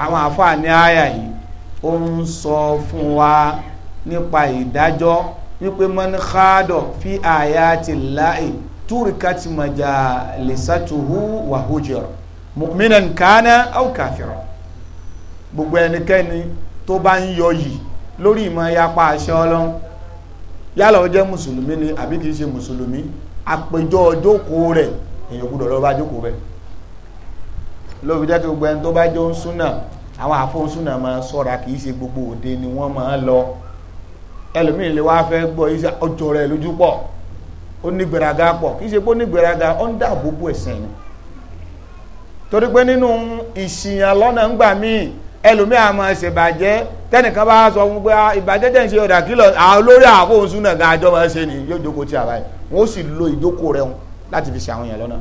àwọn àfáà ní àyà yìí ó ń sọ fún wa nípa ìdájọ́ wípé mọ́nìkádọ̀ fi àyà ti láì túrìkàtì mọ̀jà lẹ́sàtúhù wàhújẹ̀rọ̀ mọ̀mínà nǹkanà aw kàfírọ̀ gbogbo ẹnikẹ́ni tó bá ń yọ yìí lórí ìmọ̀ yapa àṣẹ ọlọ́run yálà ó jẹ́ mùsùlùmí ni àbí kìí ṣe mùsùlùmí àpèjọ ọjọ́kòó rẹ̀ èèyàn gbọ́dọ̀ lọ́ọ́ bá jókòó lóbi jẹ́ kí gbogbo ẹni tó bá jó ń súnà àwọn àfóńsúnà máa gbogbo òde ni wọ́n máa lọ ẹlòmíì lè wá fẹ́ gbọ́ iṣẹ́ ọjọ́ rẹ̀ lójú pọ̀ ó ní gbéraga pọ̀ kì í ṣe pé ó ní ó ń ẹ̀sìn ni torí pé sọ fún pé ìbàjẹ́ tẹ̀ ń ṣe ọ̀dà kìlọ̀ olórí máa ṣe ni yóò jókòó a wọ́n fi ṣe àwọn èèyàn lọ́nà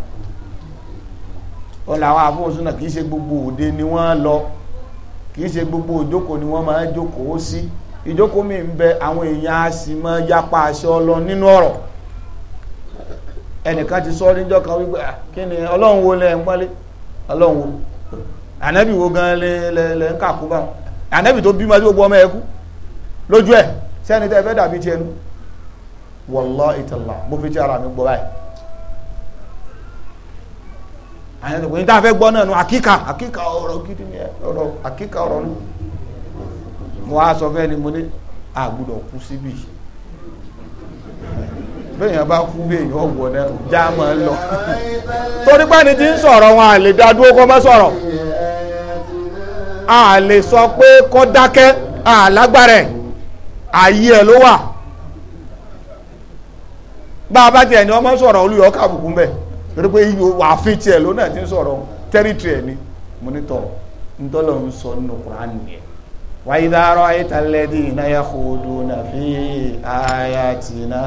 òun làwọn afọ́nsún náà kìí ṣe gbogbo òde ni wọ́n lọ kìí ṣe gbogbo òjòkó ni wọ́n máa ń jókòó sí mi ń bẹ àwọn èèyàn á sì yapa àṣẹ ọlọ nínú ọ̀rọ̀ ẹnìkan ti sọ níjọ́ kan wípé kí ni ọlọ́run wo lẹ́ ń pálí ọlọ́run wo ànábì wo gan lẹ́ ń kàkó ànábì tó bímọ tí gbogbo ọmọ ẹ kú lójú ẹ sẹ́ni tẹ́ fẹ́ dàbí tiẹ̀ nu mo fi ti ara mi gbọ́ àyàn tó kò ní tá a fẹ́ gbọ́ náà nu àkíkà àkíkà ọ̀rọ̀ gidi ni ọ̀rọ̀ àkíkà ọ̀rọ̀ nù mo wá sọ fẹ́ ni mo ní àgbùdọ̀ kú síbi bẹ́ẹ̀yàn bá kú bẹ́ẹ̀yàn ọ̀wọ̀ náà já máa ń lọ torí pé ni ti ń sọ̀rọ̀ wọn à lè dá dúró kó má sọ̀rọ̀ a lè sọ pé kó dákẹ́ àlágbára ẹ̀ ààyè ẹ̀ ló wà bá a bá tiẹ̀ ní ọmọ sọ̀rọ̀ olùyọ̀ọ́ kàbùkù bẹ́ẹ̀ torí pé ààfin tiẹ̀ ló náà ti ń sọ̀rọ̀ tẹ́rìtì ẹ̀ ni mo ní tọ̀ ntọ́lọ̀ ń sọ nínú Qur'an nìyẹn wáyé dárọ́ ayétalẹ́dì náyà kóòdù náà fi ayatina.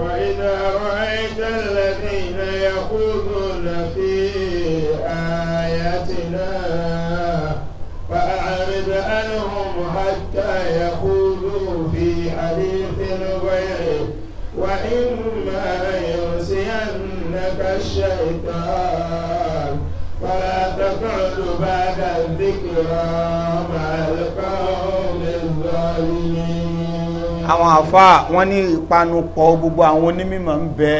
wáyé dárọ́ ayétalẹ́dì náyà kóòdù náà fi ayatina. فأعرض عنهم حتى يقولوا في حديث غيره وإما أن لك الشيطان ولا تقعد بعد الذكرى مع القوم الظالمين àwọn àfáà wọ́n ní ìpanupọ̀ gbogbo àwọn onímọ̀ ń bẹ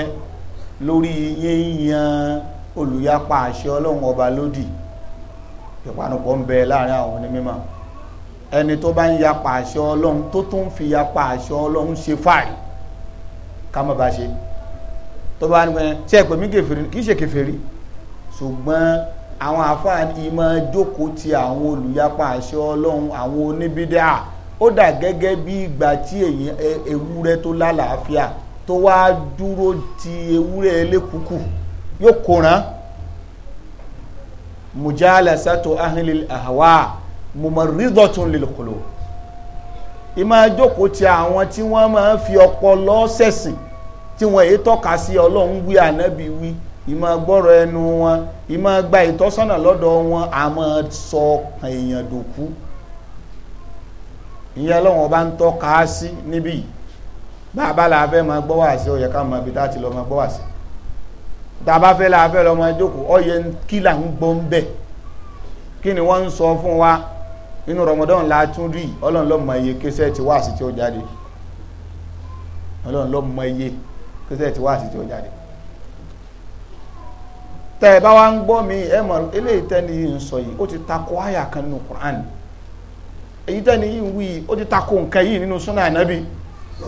lórí yíyan olùyapa àṣẹ ọlọ́run ọba lódì ìpanupọ̀ ń bẹ láàrin àwọn onímọ̀ ẹni tó bá ń yapa àṣẹ ọlọ́run tó tún fi yapa àṣẹ ọlọ́run ṣe fáàrí ká ṣe tó bá ní pẹ́ẹ́n ṣe ẹ̀pẹ́ mi kèfèrí kì í ṣe kèfèrí ṣùgbọ́n àwọn àfáàní ìmọ̀ jókòó ti àwọn olùyapa àṣẹ ọlọ́run àwọn oníbídà ó dà gẹ́gẹ́ bí ìgbà tí e, ewúrẹ́ tó lálàáfíà tó wá dúró ti ewúrẹ́ elékùkù yóò kóràn mujalasatu ahlil ahwa mumarridatun lil qulub ìmọ̀ jókòó ti àwọn tí wọ́n máa ń fi ọpọlọ ṣẹ̀sìn tí wọ́n èyí tọ́ka sí ọlọ́run wí ànábì wí ìmọ̀ gbọ́rọ̀ ẹnu wọn ìmọ̀ gba ìtọ́sọ́nà lọ́dọ̀ wọn àmọ́ sọ èèyàn dòkú ìyẹn ọlọ́run ọba ń tọ́ka sí níbí bàbá la fẹ́ máa gbọ́ wá sí ó yẹ ká mọ ibi tá a máa gbọ́ wá sí tàbá fẹ́ la fẹ́ lọ máa jókòó ó kí là ń gbọ́ ń bẹ̀ kí ni wọ́n ń sọ fún wa inú Ramadan la tún rí ọlọ́run ló mọ iye kẹsẹ́ ti wá sí tí ó ọlọ́run ló mọ iye kẹsẹ̀ tí wá sí tí ó jáde tẹ́ ẹ bá wá ń gbọ́ mi ẹ mọ̀ eléyìí tẹ́ni yìí ń sọ yìí ó ti takò àyà kan nínú Qur'an èyí tẹ́ni yìí ń wí yìí ó ti takò nǹkan yìí nínú sunnah ànábì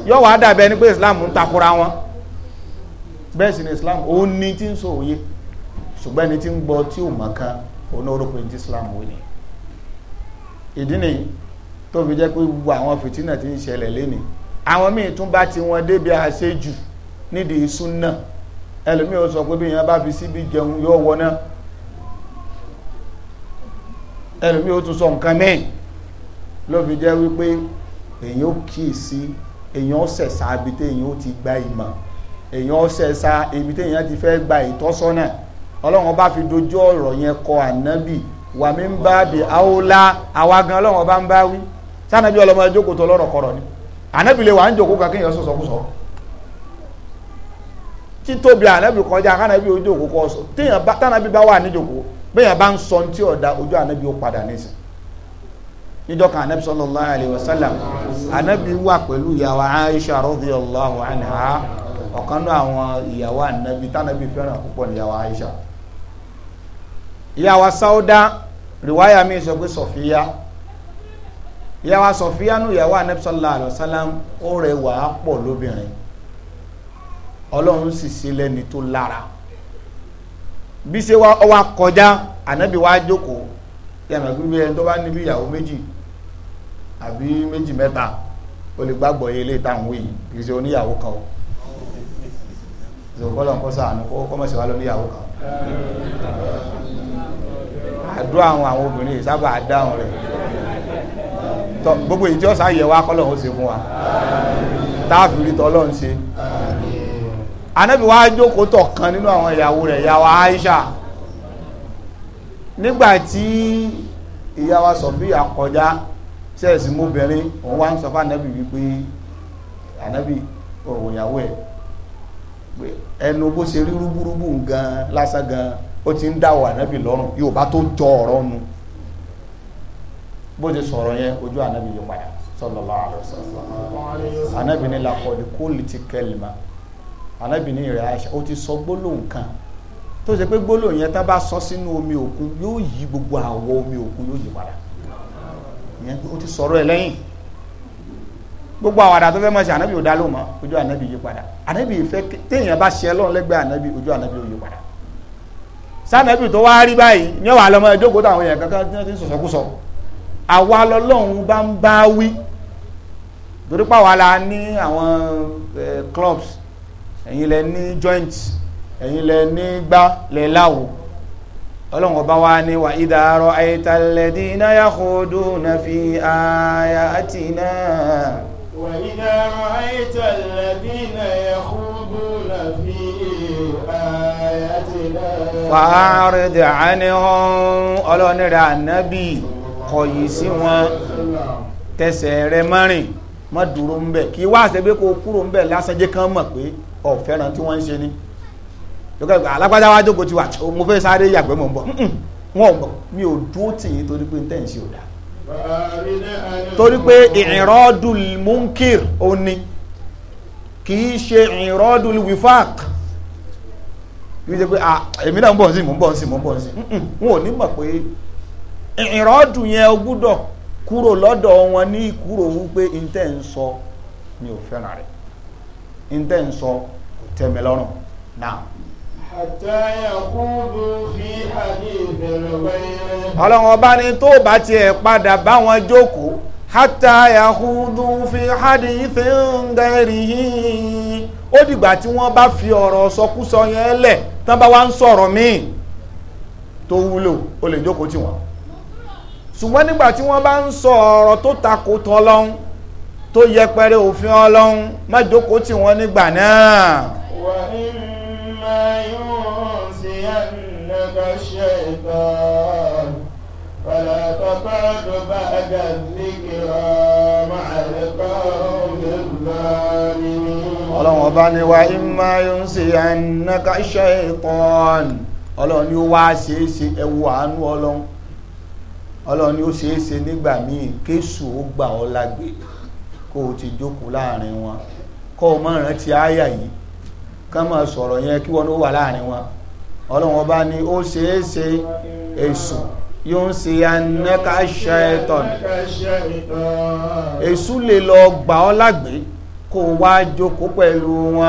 yọ wàá dàbẹ́ ni pé Islam ń takora wọn bẹ́ẹ̀ sì ni Islam ó ní tí ń sọ òye ṣùgbọ́n ẹni tí ń gbọ́ tí ò mọ̀ kan òun náà tí Islam wò ni ìdí nìyí tó fi jẹ́ pé gbogbo àwọn fìtínà ti ń ṣẹlẹ̀ lénìí àwọn míì tún bá ti wọn débi àṣejù nídìí súnà ẹlòmí ò sọ pé bí èèyàn bá fi síbi jẹun yóò wọná ẹlòmí ò tún sọ nǹkan mẹ́ẹ̀ ló fi jẹ́ wípé èèyàn ó kíyèsí èèyàn ó sẹ̀sà ibi tí èèyàn ó ti gba ìmọ̀ èèyàn ó sẹ̀sà ibi tí èèyàn ti fẹ́ gba ìtọ́sọ́nà ọlọ́run bá fi dojú ọ̀rọ̀ yẹn kọ ànábì wà mí ń bá bi àwòlá àwa gan ọlọ́run bá ń bá wí sànàbí ọlọ́mọ ẹjọ́ kò tó lọ́rọ̀ kọ̀rọ̀ ni ànábì lè wà ń jòkó kankéèyàn sọ̀sọ̀kúsọ̀rọ̀ títóbi ànábì kọjá kánábì ojú òkú kọ sọ téèyàn bá tánábì bá wà níjòkó béèyàn bá ń sọ ní tí ọ̀dà ojú ànábì ó padà nísìn níjọ́ kan ànábì sallallahu alaihi wasallam ànábì wà pẹ̀lú ìyàwó Aisha radiyallahu anha ọ̀kan náà àwọn ìyàwó ànábì tánábì fẹ́ràn púpọ̀ níyàwó Aisha ìyàwó Sauda rìwáyà mi sọ pé Sọfíya ìyàwó Sọfíya nù ìyàwó ànábì sallallahu alaihi wasallam ó ọlọ́run sì ṣe lẹ́ni tó lára bí ṣe wá ọwá kọjá ànábì wá jókòó yàrá gbígbé ẹni tó bá níbi ìyàwó méjì àbí méjì mẹ́ta o lè gbàgbọ́ yé ilé ìtàn wí kì í ṣe oníyàwó kan o ṣòkòlò nǹkan sàánú kó kọ́mọ̀ sí wa lọ níyàwó kan àdúrà àwọn àwọn obìnrin sábà dáhùn rẹ̀ gbogbo ìjọ́sà yẹ wá kọ́lọ̀ ó ṣe fún wa táàfìrí tọ́lọ́ ń ṣe anabi wa jókòó tọ̀ kan nínú àwọn ìyàwó rẹ̀ ìyàwó Aisha nígbàtí ìyàwó Sọfíyà kọjá sẹ́ẹ̀sì mọ́bìnrin òun wá ń sọ bi anabi wípé anabi òun ìyàwó ẹ̀ ẹnu bó ṣe rí rúgbúrúgbú gan lásán gan ó ti ń dáwọ̀ anabi lọ́rùn yóò bá tó jọ ọ̀rọ̀ nu bó ṣe sọ̀rọ̀ yẹn ojú anabi yóò padà sallallahu alaihi wasallam anabi ní lakọ̀ọ́dí kólì ti kẹlìmá anábìnrin rẹ̀ Aisha ó ti sọ gbólóhùn kan tó ṣe pé gbólóhùn yẹn tá bá sọ sínú omi òkun yóò yí gbogbo àwọ̀ omi òkun yóò yí padà ìyẹn ó ti sọ̀rọ̀ ẹ̀ lẹ́yìn gbogbo àwàdà tó fẹ́ mọ̀ sí ànábì ò dá lóhùn mọ́ ojú ànábì yí padà ànábì ìfẹ́ téèyàn bá ṣe ẹlọ́run lẹ́gbẹ̀ẹ́ ànábì ojú ànábì ò yí padà sànábì tó wá rí báyìí ní ọ̀wà lọ́mọ ẹjọ́ kótó èèyàn kankan tí wọ́n ti ń sọ̀sọ́kúsọ àwa lọ́lọ́run bá ń bá wí torí pàwọ́ la ní àwọn eh, clubs ẹ̀yin lẹ ní joint ẹ̀yin lẹ ní gbá lẹ láwo ọlọ́run ọba wa ni wà ìdàrọ̀ àìtàlẹ́dì náà yàkóòdù náà fi àyà àti náà. wà ìdàrọ̀ àìtàlẹ́dì náà yàkóòdù náà fi àyà àti náà. fàárẹ̀dẹ̀ sí wọn tẹsẹ̀ rẹ̀ mọ́rin mọ́ dúró ń bẹ̀ kí wá àṣẹ kó kúrò ń bẹ̀ lásán jẹ́ mọ̀ pé ọ̀fẹ́ràn tí wọ́n ń ṣe ní lókè alágbádá wa jókòó ti wà mo fẹ́ sáré yàgbẹ́ mọ̀ ń bọ̀ mi ò dúró tì yín torí pé ntẹ́ ń torí pé ìrọ́dùl munkir kì í ṣe ìrọ́dùl pé ah, èmi náà ń bọ̀ sí mò ń bọ̀ sí mò ń bọ̀ sí wọn yẹn o gbúdọ̀ kúrò lọ́dọ̀ wọn ní kúrò wípé ntẹ́ sọ mi rẹ̀ ń tẹ́ ń sọ kò tẹ́mi lọ́rùn náà. ọlọ́run ọba ni tó bá tiẹ̀ padà bá wọn jókòó hátà fi hadithin ghairihi ó dìgbà tí wọ́n bá fi ọ̀rọ̀ sọkúsọ yẹn lẹ̀ tán bá wá ń sọ̀rọ̀ míì tó wúlò ó lè jókòó tiwọn ṣùgbọ́n nígbà tí wọ́n bá ń sọ ọ̀rọ̀ tó takò tọ́lọ́hún tó yẹpẹrẹ òfin ọlọ́run má jókòó tì wọ́n nígbà náà. wà á máa ọlọ́run ọba ni wa imma yóò ṣe ànàkà ṣe ìtàn ọlọ́run ni ó wá ṣeéṣe ẹwu àánú ọlọ́run ọlọ́run ni ó ṣeéṣe nígbà míì kéṣù ó gbà ọ́ lágbèé kó o ti jókòó láàrin wọn kó o máa rántí àyà yìí ká máa sọ̀rọ̀ yẹn kí wọn ó wà láàrin wọn ọlọ́run ọba ni ó ṣeé ṣe èṣù yóò ń ṣe anẹ́ka ṣẹ́tọ̀n èṣù lè lọ gbà ọ́ lágbé kó o wá jókòó pẹ̀lú wọn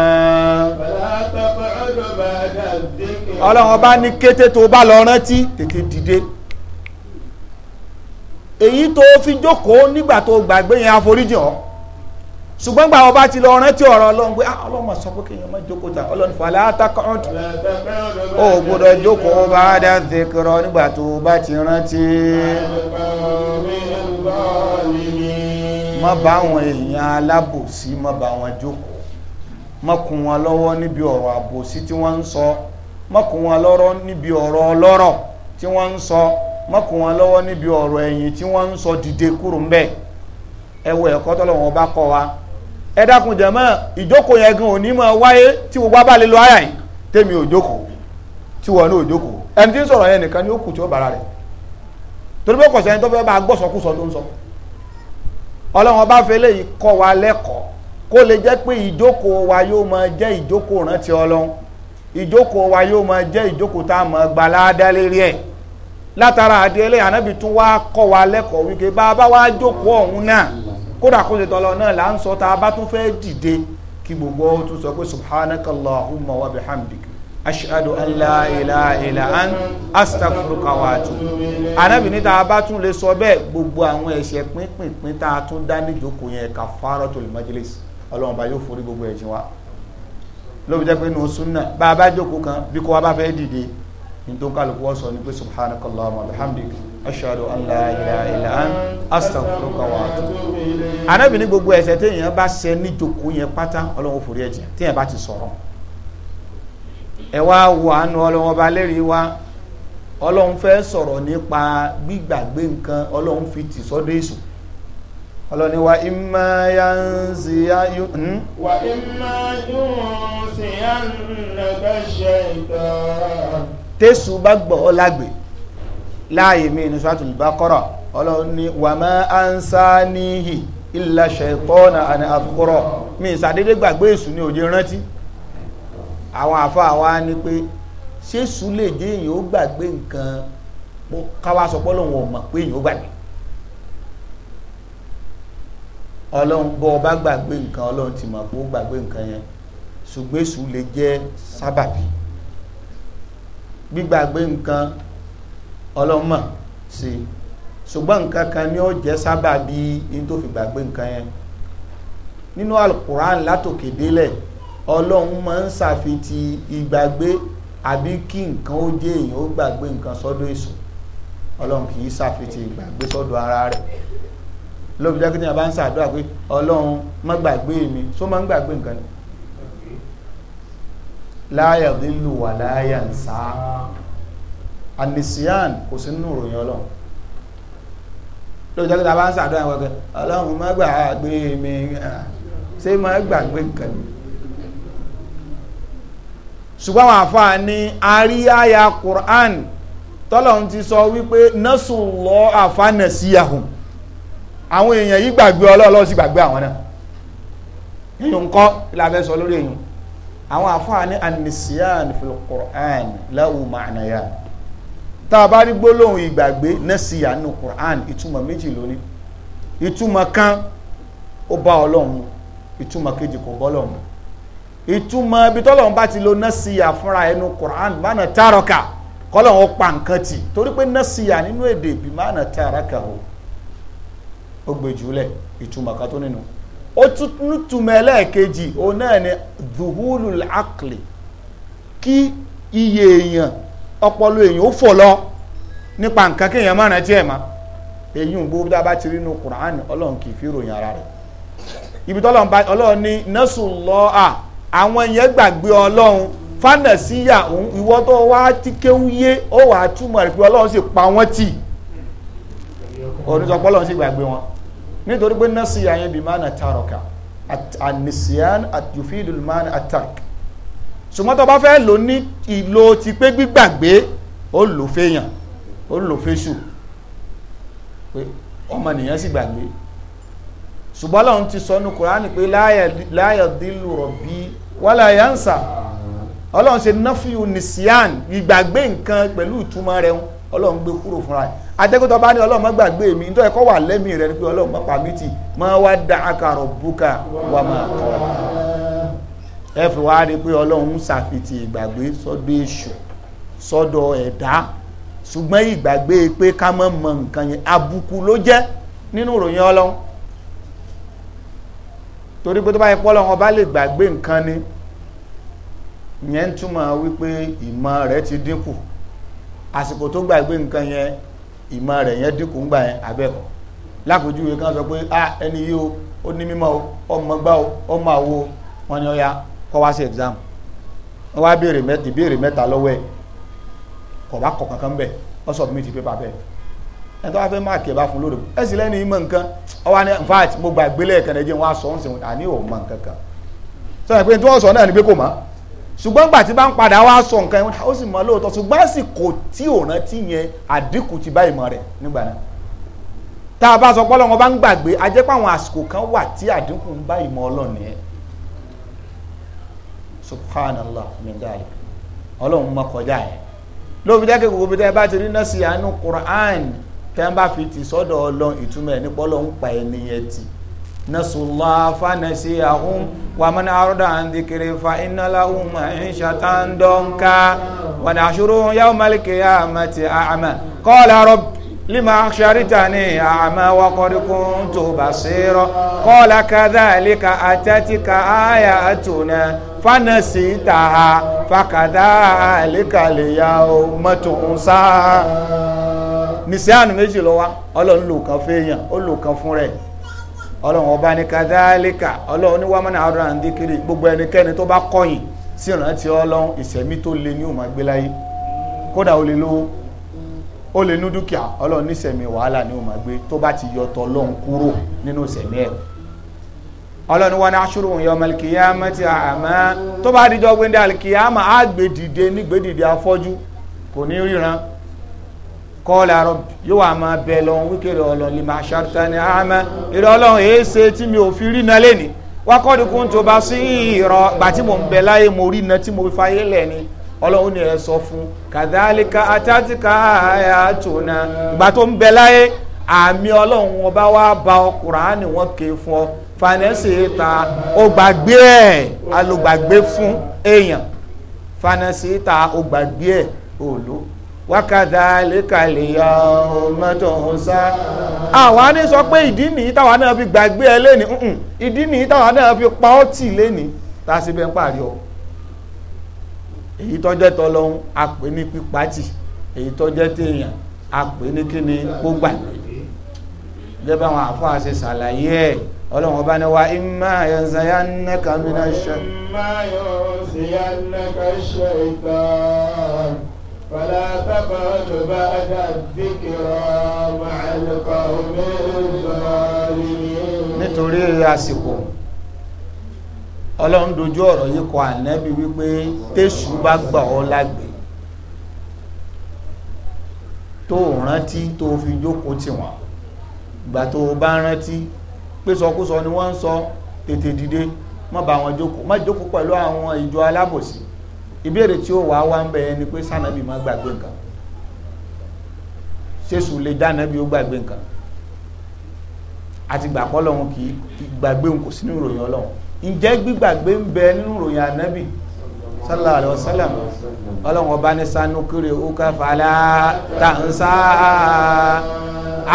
ọlọ́run ọba ní kété tó bá lọ rántí tètè dìde èyí tó fi jókòó nígbà tó gbàgbé yẹn àforíjì ọ́ ṣùgbọ́n gbà ọba ti lọ rántí ọ̀rọ̀ ọlọ́run pé ah, a sọ pé kéèyàn má jókòó ta ọlọ́run fàlẹ́ àtàkọ́ǹtì ó gbọ́dọ̀ bá dá zikirọ nígbà tó bá ti rántí. má bá àwọn èèyàn alábòsí má bá wọn jókòó má kún wọn lọ́wọ́ níbi ọ̀rọ̀ àbòsí sọ má kún wọn níbi ọ̀rọ̀ ọlọ́rọ̀ tí sọ má kún wọn lọ́wọ́ níbi ọ̀rọ̀ ẹ̀yìn tí sọ dìde kúrò ẹ̀kọ́ tọ́lọ́wọ́n ẹ dákun jẹ̀mọ́ ìjókòó yẹn gan òní máa wáyé tí gbogbo abálẹ̀ lọ àyà yìí tèmi ò jókòó tí wọ́n ní ò jókòó ẹni tí ń sọ̀rọ̀ yẹn nìkan ni ó kù tí ó bára rẹ̀ torí pé kọ̀sẹ́ni tó fẹ́ bá gbọ́sọkúsọ tó ń sọ ọlọ́run bá fẹ́ léyìí kọ́ wa lẹ́kọ̀ọ́ kó lè jẹ́ pé ìjókòó wa yóò máa jẹ́ ìjókòó rántí ọlọ́run ìjókòó wa yóò máa jẹ́ ìjókòó tá a máa gbà láàdá lérí ẹ̀ látara àdéhùn ànábì tún wá kọ́ wa lẹ́kọ̀ọ́ wípé bá a bá wá jókòó ọ̀hún náà kódà kó ṣe tọ́lọ náà là ń sọ tá a bá tún fẹ́ dìde kí gbogbo ó tún sọ pé subhanakallahumma wa bihamdik ashhadu an la ilaha illa an astaghfiruka wa atubu anábì ní tá a bá tún lè sọ bẹ́ẹ̀ gbogbo àwọn ẹ̀ṣẹ̀ pínpínpín tá a tún dá níjókòó yẹn kafaratul majlis ọlọ́run bá yóò forí gbogbo ẹ̀ṣẹ̀ wa lóbi jẹ́ pé nù súnà bá a bá jókòó kan bí kò wá bá fẹ́ dìde ní tó kálukú wọ́n sọ ní pé subhanakallahumma wa bihamdik ashhadu an la ilaha illa an astaghfiruka wa atubu anabi ní gbogbo ẹ̀ṣẹ̀ téèyàn bá ṣẹ̀ níjókòó yẹn pátá Ọlọ́run forí ẹ̀ jìn téèyàn bá ti sọ̀rọ̀ ẹ wá wo àánú Ọlọ́run ọba lérí wa Ọlọ́run fẹ́ sọ̀rọ̀ nípa gbígbàgbé nǹkan Ọlọ́run fi tì sọ́dọ̀ èṣù ọlọ́ni wa imma yanziyanyu hmm? wa imma yunsiyanaka shaytan tẹ́sù bá gbọ́ ọ lágbèé láàyè mi ní suratul baqara ọlọ́run ní wàmọ́ ansanihi illa shaytana àni àkúrọ̀ mi ìsàdédé gbàgbé rántí àwọn àfa ni pé ṣé èṣù lè jẹ́ èèyàn ó gbàgbé nǹkan káwá sọ pọ́lọ́ wọn ò mọ̀ pé èèyàn ó gbàgbé ọlọ́run bọ́ ọba gbàgbé nǹkan ọlọ́run ti mọ̀ ọlọ́mọ sí i ṣùgbọ́n nǹkan kan ni ó jẹ́ sábà bí n tó fi gbàgbé nǹkan yẹn nínú alukuran látòkè délẹ̀ ọlọ́run máa ń ṣàfitì ìgbàgbé àbí kí nǹkan ó jẹ́ èèyàn ó gbàgbé nǹkan sọ́dọ̀ èṣù ọlọ́run kì í ṣàfitì ìgbàgbé sọ́dọ̀ ara rẹ̀ lóbi jẹ́ kí ni ń ṣàdúrà pé ọlọ́run má gbàgbé mi só má ń gbàgbé nǹkan láyà lílù wà láyà ń sáà anisiyan kò sí nínú ìròyìn ọlọ́run lóòótọ́ kí ta bá ń sàdọ́ àwọn ọ̀gẹ́ ọlọ́run má gbàgbé mi ṣé má gbàgbé nǹkan mi ṣùgbọ́n àwọn àfáà ní àríyáyà Qur'an tọ́lọ̀n ti sọ wípé nọ́sù lọ àfánà sí yahun àwọn èèyàn yìí gbàgbé ọlọ́ọ̀lọ́ sí gbàgbé àwọn náà yíò ń kọ́ sọ lórí èyàn àwọn àfáà ní anisiyan fil Qur'an lahu ma'naya ta a bá rí gbólóhùn ìgbàgbé nasiya nínú Quran ìtumọ̀ méjì lónìí ìtumọ̀ kan ó bá ọlọ́run ìtumọ̀ kejì kò bọ́ ìtumọ̀ ibi tọ́lọ́run bá ti lo nasiya fúnra ẹnu Quran mánà kọ́lọ́run pa nǹkan tì torí pé nasiya nínú èdè ìbí mánà tárọ̀kà o ó gbé jùlẹ̀ ìtumọ̀ kan tó nínú ó tún túmọ̀ ẹlẹ́ẹ̀kejì òun náà akli kí iye ọpọlọ èèyàn ó fò lọ nípa nǹkan kéèyàn má rántí ẹ̀ mọ́ èyí ń gbogbo dábàá ti rí inú Qur'an ọlọ́run kì í fi ròyìn ara rẹ̀ ibi tọ́lọ́run bá ọlọ́run ní nẹ́sùn lọ́ọ́ àwọn gbàgbé ọlọ́run fánàsíyà òun ìwọ tó wá kéwú yé ó wà á túmọ̀ pé sì pa tì sì gbàgbé wọn nítorí pé yẹn bí mánà ṣùgbọ́n tó bá fẹ́ lò ní ìlò ti pé gbígbàgbé ó lò fẹ́yàn ó lò fẹ́ṣù pé ọmọ nìyàn sì gbàgbé ṣùgbọ́n lọ́run ti sọ ní kùránì pé láyà dìlù rọ̀bí wálá yánsà ọlọ́run ṣe náfíù nìsíàn ìgbàgbé nǹkan pẹ̀lú ìtumọ̀ rẹ̀ ọlọ́run gbé kúrò fúnra rẹ̀ atẹ́kọ̀tọ̀ bá ní ọlọ́run má gbàgbé mi nítorí ẹ̀kọ́ wà lẹ́mìí rẹ̀ ni pé ọlọ́run má pa mí tì má wá dá akàrọ̀ bùkà wà má kọ́ ẹ fi wá rí pé ọlọ́run ń ṣàfitì ìgbàgbé sọ́dọ̀ èṣù sọ́dọ̀ ẹ̀dá ṣùgbọ́n ìgbàgbé pé ká má mọ nǹkan yẹn àbùkù ló jẹ́ nínú ìròyìn ọlọ́run torí pé tó bá yẹ pé ọlọ́run ọba lè gbàgbé nǹkan ni ìyẹn ń túmọ̀ wípé ìmọ̀ rẹ̀ ti dínkù àsìkò tó gbàgbé nǹkan yẹn ìmọ̀ rẹ̀ yẹn dínkù ń gbà yẹn abẹ́kọ̀ọ́ lápòjúwe kan sọ pé ah ẹni yìí o ó ní mímọ́ o ọmọ gbá o ọmọ àwo wọn ni ó ya kọ́ wá sí exam wọ́n wá béèrè mẹ́ta ìbéèrè mẹ́ta lọ́wọ́ ẹ̀ kọ̀ wá kọ̀ kankan bẹ̀ wọ́n submit paper bẹ́ẹ̀ ẹ̀ tó wá fẹ́ máàkì ẹ̀ bá fún lóde ẹ̀ sì lẹ́nu ìmọ̀ nǹkan ọwọ́ ni in fact mo gba ìgbélé ẹ̀kan ẹ̀jẹ̀ wọn aṣọ ọ̀hún àní ò mọ̀ nǹkan kan sọ yẹn pé tí wọ́n sọ náà ni pé kò mọ̀ ṣùgbọ́n gbà tí bá ń padà wá sọ nǹkan ó sì mọ̀ lóòótọ́ ṣùgbọ́n àsìkò tí ò rántí yẹn àdínkù ti bá ìmọ̀ rẹ̀ nígbà náà tá a bá sọ pé Ọlọ́run bá ń gbàgbé a jẹ́ pé àwọn àsìkò kan wà tí àdínkù ń bá ìmọ̀ Ọlọ́run subhanallah min dhalik ọlọ́run mọ kọjá yẹn lóbi dẹ́kẹ́ gbogbo bí dẹ́ẹ́ bá ti rí nọ́ọ̀sì àánú quran tẹ́ ń bá fi ti sọ́dọ̀ ọlọ́run ìtumọ̀ ẹ̀ nípa ọlọ́run pa ẹni yẹn ti nasullah fanasi ahun wa man arda an dhikri fa inna lahu ma'ishatan danka wa nahshuruhu yawmal qiyamati a'ma qala rabbi lima sharitani ama wa qad kuntu basira qala kadhalika atatika ayatuna fanasitaha fakadhalika liyawma tunsa nisianu méjì ló wà Ọlọ́run lò kan fẹ́yàn ó lò kan fún rẹ̀ Ọlọ́run ọba ní kadhalika Ọlọ́run ní wàmánà àrùn àǹdíkiri gbogbo ẹnikẹ́ni tó bá kọ̀yìn sí ìrántí Ọlọ́run ìṣẹ̀mí le ní ó máa gbé láyé kódà ó lówó ó lè ní dúkìá ọlọ́run ní sẹ̀mí wàhálà ni ó máa gbé tó bá ti yọ tọlọ́run kúrò nínú sẹ̀mí ẹ̀ ọlọ́run wọn aṣọ́rò òun yọmọ alkiyama ti àmọ́ tó bá dijọ́ gbéńdé alkiyama á gbé dìde nígbé dìde afọ́jú kò ní ríran kọ́ọ̀lá rọ̀bì yóò wà máa bẹ̀ lọ́hún wíkèrè ọlọ́run lè máa ṣàtúntà ní àmọ́ èrè ọlọ́run èé ṣe tí mi ò fi rí náà lẹ́nìí wákọ́dùkún tó bá sí ìrọ̀ gbà tí mò ń bẹ láyé mo rí náà tí mo fi fayé lẹ́ni ọlọ́run ni ẹ sọ fún kàdálíkà àtàtìkà àyàtúnà ìgbà tó ń bẹ láyé àmì ọlọ́run ọba wa ba ọkùnránì wọn ké fún ọ fanẹsì ta ó gbàgbé ẹ alùgbàgbé fún èèyàn fanẹsì ta ó gbàgbé ẹ òòló wákàtà lẹ́kàlẹ́yà ọmọdún sá. àwa ní sọ pé ìdí nìyí táwa náà fi gbàgbé ẹ lẹ́ni ìdí nìyí táwa náà fi pa ọ́ tì lẹ́ni tá a sì bẹ́ẹ̀ ń pàrí èyí tó jẹ́ tọlọ́hún a ní pípàtì èyí tó téèyàn a ní kíni gbógbà jẹ́ bá àwọn àfọ́ àṣẹ ṣàlàyé ẹ̀ ọlọ́run ọba ni wa imma yanzayannaka minash shaitan. imma yanzayannaka shaitan fala taq'ud ba'da dhikra ma'al qawmi dhalimin. nítorí àsìkò ọlọ́run dojú ọ̀rọ̀ yìí kọ ànábì wípé tẹ̀sù bá gbà ọ́ lágbè tó rántí tó fi jókòó tì wọ́n ìgbà tó bá rántí pé sọkúsọ ni wọ́n ń sọ tètè dìde má bá wọn jókòó má jókòó pẹ̀lú àwọn ìjọ alábòsí ìbéèrè tí ó wà wá ń bẹ̀yẹ ni pé sànàbì má gbàgbé nǹkan ṣéṣù lè dánàbì ó gbàgbé nǹkan àti gbàpọ̀ lọ́hun kì í gbàgbé òun kò ìròyìn ọlọ́hun ǹjẹ́ gbígbàgbé ń bẹ nínú ìròyìn ànábì sallallahu alaihi ọlọ́run ọba ní sanu kiri uka fàlà tàǹsà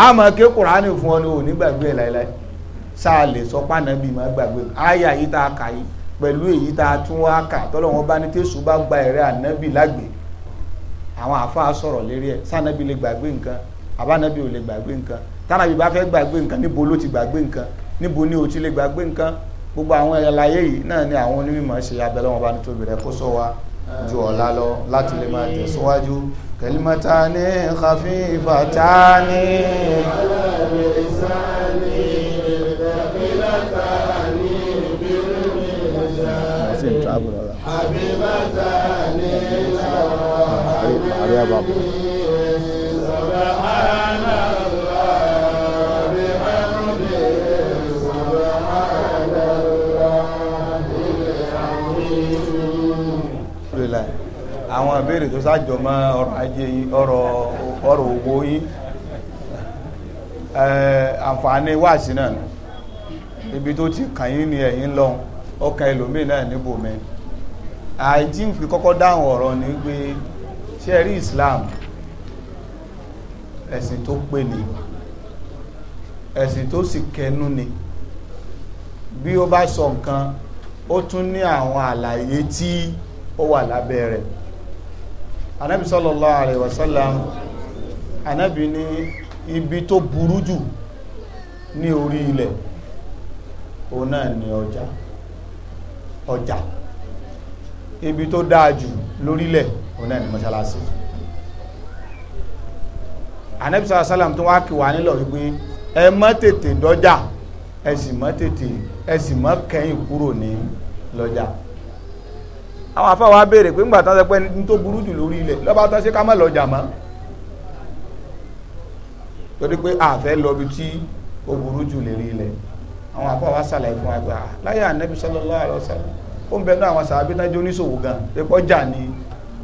àmọ́ ké kùránì fún ọ ní òní gbàgbé ẹ̀ láìláì gbàgbé yìí tá a kà yìí pẹ̀lú èyí tá a tún wá kà tọ́lọ́run ọba ní tẹ̀sù bá gba ẹ̀rẹ́ ànábì lágbè àwọn àfáà sọ̀rọ̀ lérí ẹ̀ sànàbì lè gbàgbé nǹkan ò lè gbàgbé nǹkan bá fẹ́ gbàgbé nǹkan níbo ló ti gbàgbé gbogbo àwọn ẹ̀yàlàyé yìí náà ni àwọn onímọ̀ ṣe abẹ́lẹ́ bá ní rẹ̀ kó sọ ju ọ̀la lọ láti lè máa tẹ̀síwájú kalimatani khafifatani habibatani sọ̀rọ̀ àríyá bàbá béèrè tó sájọmọ́ ma ajé ọrọ̀ ọrọ̀ owó yín àǹfààní wáàsí náà ibi tó ti kàn yín ni ẹ̀yin lọ ọkàn ẹlòmíì náà níbòmí àìjí ń fi kọ́kọ́ dáhùn ọ̀rọ̀ ní pé ṣé ẹ rí Islam ẹ̀sìn tó pé ni ẹ̀sìn tó sì kẹnu ni bí ó bá sọ nǹkan ó tún ní àwọn àlàyé tí ó wà lábẹ́ rẹ̀ anabi sallallahu alayhi wa sallam anabi ní ibi tó burú jù ní orí ilẹ̀ òun náà ni ọjà ọjà ibi tó dáa jù lórílẹ̀ òun náà ni mọ́ṣáláṣí anabi sallallahu tó wá kí wà nílọ̀ wípé ẹ má tètè dọ́jà ẹ sì má tètè ẹ sì má kẹ́yìn kúrò ní lọ́jà àwọn afáwa béèrè pé ńgbà tán sọ pé ní tó burú jù lórí ilẹ̀ lọ́ba tán ṣe ká má lọ jà mọ́ torí pé àfẹ́ lọ́bi tí ó burú jù lérí ilẹ̀ àwọn afáwa ṣàlàyé fún wa ah, láyé ànẹ́bí sallallahu alaihi wasallam ó ń bẹnu àwọn sàábí náà jó oníṣòwò gan pé ọjà ni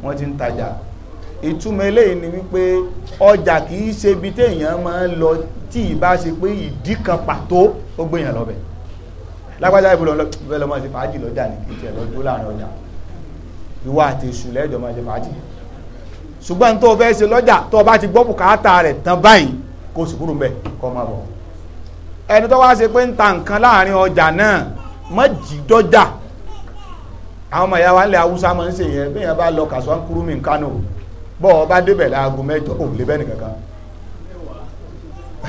wọ́n ti ń tajà ìtumọ̀ eléyìí ni wípé ọjà kì í ṣe ibi téèyàn máa ń lọ tí ìbá ṣe pé ìdí kan pàtó ó gbéyàn lọ́bẹ̀ lágbájá ìbúlọ̀ lọ́bẹ̀ lọ́mọ ti fàájì lọ́jà ní kìí tiẹ̀ lọ́dún láàrin ọjà ìwọ àti èṣù lẹ́jọ́ máa jẹ fàájì ṣùgbọ́n tó o fẹ́ ṣe lọ́jà tó o bá ti gbọ́ bùkátà rẹ̀ tán báyìí kó o sì kúrò mbẹ̀ kó o máa bọ̀ ẹni tó wá ṣe pé ń ta nǹkan láàrin ọjà náà mọ́ jì dọ́jà àwọn ọmọ ìyá wa ilẹ̀ haúsá máa ń ṣe yẹn bí yẹn bá lọ kàṣọ nkúrúmì nkánò bọ́ ọ bá débẹ̀ láago mẹ́jọ ò lè bẹ́ẹ̀ nìkankan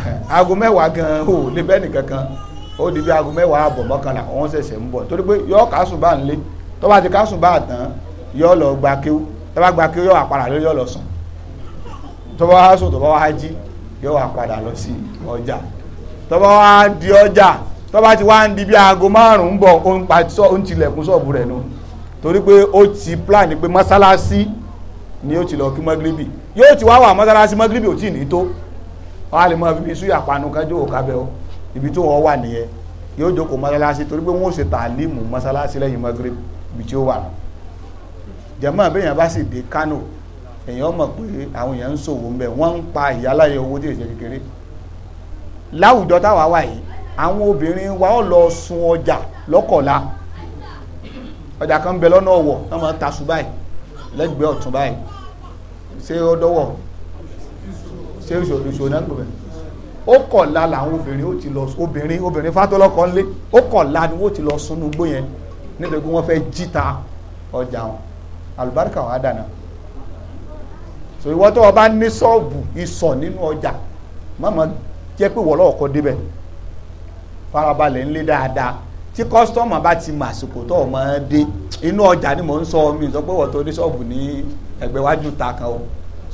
aago mẹ́wàá gan ò lè bẹ́ẹ̀ nìkankan ó di bí aago mẹ́wàá àbọ̀ mọ́kànlá wọ́n ṣẹ̀ṣẹ̀ ń bọ̀ torí pé yọ kásùn bá ń lé tó bá ti kásùn bá tán yọ lọ gba kéwú tó lọ sùn tó wá sùn wá jí yọ padà lọ sí ọjà tó wá di ọjà tó ti wá ń di bí aago márùn-ún bọ̀ ó ń pa ó torí pé ó ti plan pé mọ́sálásí ni ó ti lọ kí mọ́gíríbì yóò ti wá wà mọ́sálásí mọ́gíríbì ò tí ì ní tó á lè panu o ibi tó pé wọ́n ṣe mọ́sálásí lẹ́yìn mọ́gíríbì ibi tí ó wà jẹ̀mọ́ àbẹ̀yàn bá sì dé Kánò èèyàn mọ̀ pé àwọn èèyàn ń ṣòwò ńbẹ wọ́n ń pa ìyáláyé owó tí èsè kékeré láwùjọ táwa wà yìí àwọn obìnrin wa ó lọ sun ọjà lọ́kọ̀ọ́lá ọjà kan bẹ lọ́nà ọ̀wọ̀ wọ́n máa ta ṣùgbọ́n báyìí lẹ́gbẹ̀ẹ́ ọ̀tún báyìí ṣé ó dọ́wọ́ ṣé ìṣòro ìṣòro náà ń gbọ̀bẹ̀ ó kọ̀ọ̀la làwọn obìnrin ó ti lọ obìnrin obìnrin fátọ́lọ́kọ̀ ńlé ó kọ̀ọ̀la ni wọ́n ti lọ sunú gbó yẹn pé wọ́n fẹ́ jíta ọjà wọn àlùbáríkà wà á dànà so ìwọ tó o bá ní sọ́ọ̀bù ìsọ̀ nínú ọjà mọ̀mọ́ jẹ́ pé wọ́lọ́ ọkọ̀ débẹ̀ farabalẹ̀ ńlé dáadáa tí kọ́sítọ́mù bá ti mà àsìkò tó o máa dé inú ọjà ni mò ń sọ mi sọ pé wọ́n tó ní sọ́ọ̀bù ní ẹgbẹ́ wájú ta kan o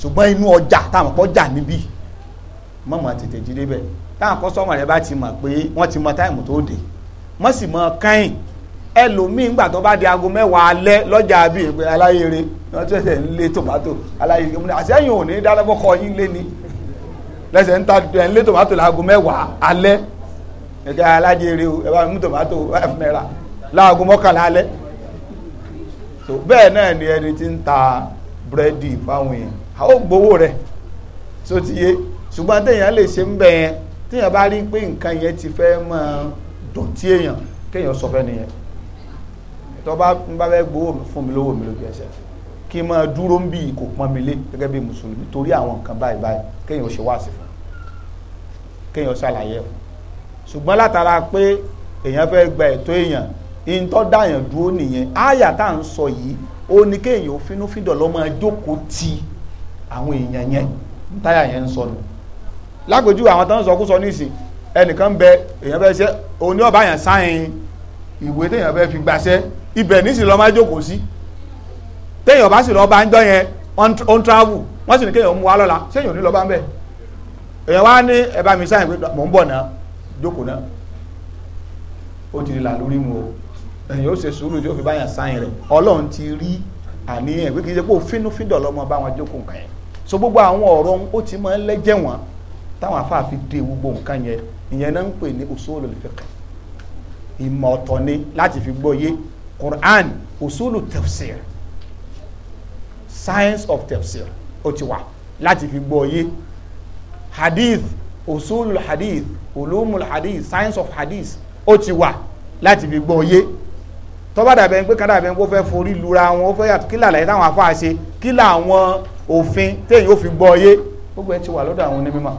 ṣùgbọ́n inú ọjà táwọn kọ́ jà níbí mọ̀mọ́ tètè jí débẹ̀ táwọn kọ́sítọ́mù rẹ bá ti mọ̀ pé wọ́n ti mọ táìmù tó dé wọ́n sì mọ káyìn ẹlòmíì ńgbà tó bá di aago mẹ́wàá alẹ́ lọ́jà àbí ìpè aláyèrè wọ́n tún ẹsẹ̀ ń lé tòmátò aláyèrè mo ní àṣẹ́yìn òní dálábọ́kọ yín lé ni lẹ́sẹ̀ ń ta ẹ̀ ń lé tòmátò láago mẹ́wàá alẹ́ ẹ̀ka alájèrè o bá mú tòmátò five naira láago mọ́kànlá alẹ́ so bẹ́ẹ̀ náà ni ẹni tí ń ta búrẹ́dì fáwọn èèyàn àwọn gbowó rẹ̀ so ti yé ṣùgbọ́n téèyàn lè ṣe ń bẹ̀ yẹn téèyàn bá rí pé nǹkan yẹn ti fẹ́ máa dọ̀tí èèyàn kéèyàn sọ fẹ́ nìyẹn tó bá ń bá fẹ́ gbowó mi fún mi lówó mi lójú ẹsẹ̀ kí n máa dúró ń bí kò pọ́n mi lé gẹ́gẹ́ bí mùsùlùmí torí àwọn nǹkan báyìí báyìí kéèyàn ṣe wá sí fún kéèyàn ṣàlàyé fún ṣùgbọ́n látara pé èèyàn fẹ́ gba ẹ̀tọ́ èèyàn in tó dáyàn dúró nìyẹn áyà tá à ń sọ yìí ó ní kéèyàn fínúfíndọ̀ lọ́ máa ti àwọn èèyàn yẹn táyà yẹn ń sọ nù lágbèjú àwọn tó ń sọ kó sọ nísìn ẹnìkan bẹ èèyàn fẹ́ ṣe òun yẹn sáyìn ìwé téèyàn fẹ́ fi gbaṣẹ́ ibẹ̀ nísìnyí lọ́ọ́ máa jókòó sí téèyàn bá sì lọ́ọ́ bá ń jọ yẹn on travel wọ́n sì ní kéèyàn mú wa lọ́la séèyàn ò ní lọ́ọ́ bá ń bẹ̀ èèyàn wá ní ẹ mi sáyẹn pé mò ń bọ̀ náà jókòó náà ó ti là lórí mu o èèyàn ó ṣe sùúrù tí ó fi báyàn sáyẹn rẹ̀ ọlọ́run ti rí àníyàn pé kì í ṣe pé òfínúfíndọ̀ lọ́mọ bá wọn jókòó nǹkan yẹn so gbogbo àwọn ọ̀rọ̀ ó ti máa ń lẹ́jẹ̀ wọn táwọn afáàfin dé gbogbo nǹkan yẹn ìyẹn náà ń pè ní usulul fiqh ìmọ̀ ọ̀tọ̀ ni láti fi gbọ́ yé Quran usulu tafsir science of tafsir ó ti wà láti fi gbọ́ yé hadith usulu hadith ulumul hadith science of hadith ó ti wà láti fi gbọ́ yé tọ́ba dàbẹ̀ ń pé kádà bẹ́ẹ̀ kó fẹ́ forí lura wọn ó fẹ́ yàtọ̀ kí làlàyé táwọn afá ṣe kí làwọn òfin téèyàn ó fi gbọ́ yé gbogbo ẹ ti wà lọ́dọ̀ àwọn onímọ̀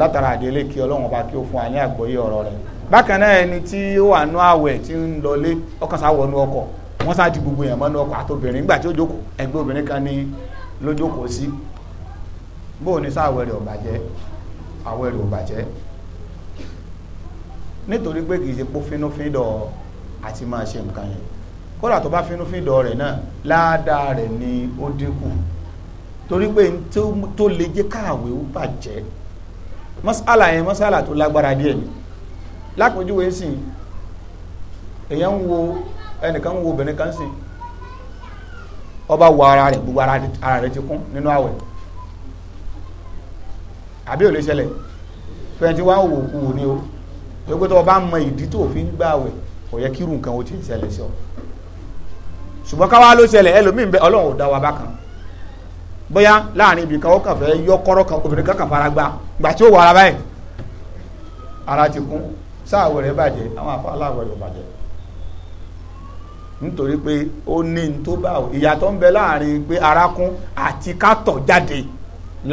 látara àdéhùn kí ọlọ́run bá kí ó fún wa ní àgbọ́yé ọ̀rọ̀ rẹ̀ bákan náà ẹni tí ó wà nú àwẹ̀ tí ń lọlé ọkàn sá wọnú ọkọ̀ wọ́n sá di gbogbo èèyàn mọ́nú ọkọ̀ àtobìnrin nígbà tí ó jókòó ẹgbẹ́ obìnrin kan ní lójókòó sí bóò ní sáà wẹ̀rẹ̀ ọ̀bàjẹ́ àwẹ̀rẹ̀ ọ̀bàjẹ́ nítorí pé kìí ṣe pó fínúfíndọ̀ àti máa ṣe nǹkan yẹn kódà tó bá fínúfíndọ̀ rẹ̀ náà ládàá rẹ̀ ni ó dínkù torí pé tó lè jẹ́ káàwé ó bàjẹ́ mọ́sálà yẹn mọ́sálà tó lágbára díẹ̀ lápòjúwe ń sìn èyàn ń wo ẹnìkan ń wo obìnrin kan sìn ọba wo ara rẹ gbogbo ara rẹ ti kún nínú àwẹ̀ àbí ò lè ṣẹlẹ fẹ́ntì wá wò kú wò ní o gbogbo tó o bá mọ ìdí tó fi ń gbà àwẹ̀ kò yẹ kírù nǹkan o ti ń ọ káwá ló ẹlòmíín bẹ ò dá wa bóyá láàrin kan ó kàn yọ kan obìnrin kan kàn fara gbà gbà tí ó wọ ara báyìí ara ti kún sáàwẹ̀ rẹ̀ bàjẹ́ àwọn àfa rẹ̀ bàjẹ́ nítorí pé ó ní tó bá ìyàtọ̀ ń bẹ láàrin pé arákún àti kátọ̀ jáde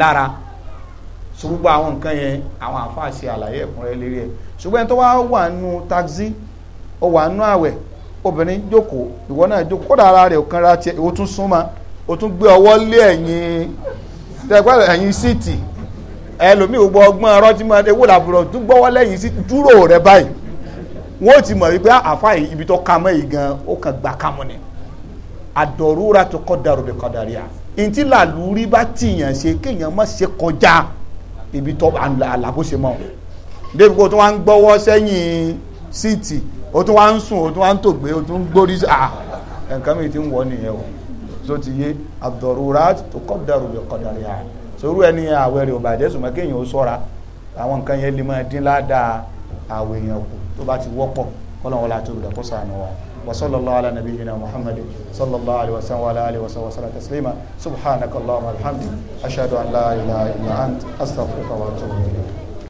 lára ṣùgbọ́n àwọn nǹkan yẹn àwọn àfa ṣe àlàyé ẹ̀kúnrẹ́ lérí ẹ̀ ṣùgbọ́n tó wá wà nù táxi ó wà nù àwẹ̀ obìnrin jókòó ìwọ náà jókòó kódà ara rẹ̀ kanra tiẹ̀ ó tún ẹlòmíì gbogbo ọgbọ́n ọ̀rọ̀ tí máa ń wò làbúrò tún gbọ́wọ́ lẹ́yìn sí dúró rẹ báyìí wọ́n ti mọ̀ wípé ah, àfa ibi tó ka mọ́ yìí gan ó kàn gbà ká mọ́ ni àdọ̀rúra tó kọ́ dàrú lè kọ́ dàrí à ntí làlúrí bá tìyàn ṣe kéèyàn má ṣe kọjá ibi tó àlàbóṣe mọ́ débi kó tó wá ń gbọ́wọ́ sẹ́yìn síìtì ó tún wá ń sùn ó tún wá ń tògbé ó tún ń gbórí à ah, nǹkan mi ti ń wọ nìyẹn o tó ti yé àdọ̀rúra tó kọ́ dàrú lè kọ́ dàrí à sorú ẹni àwẹ̀ rẹ̀ ò bàjẹ́ sùnmọ́ kéèyàn ó sọ́ra àwọn nǹkan yẹn lè máa dín ládàá àwẹ̀ èèyàn kù tó bá ti wọ́pọ̀ kọ́lọ́wọ́n láti olùdó kó sànù wa وصلى الله على نبينا محمد صلى الله عليه وسلم وعلى اله وصحبه وسلم تسليما سبحانك اللهم وبحمدك اشهد ان لا اله الا انت استغفرك واتوب اليك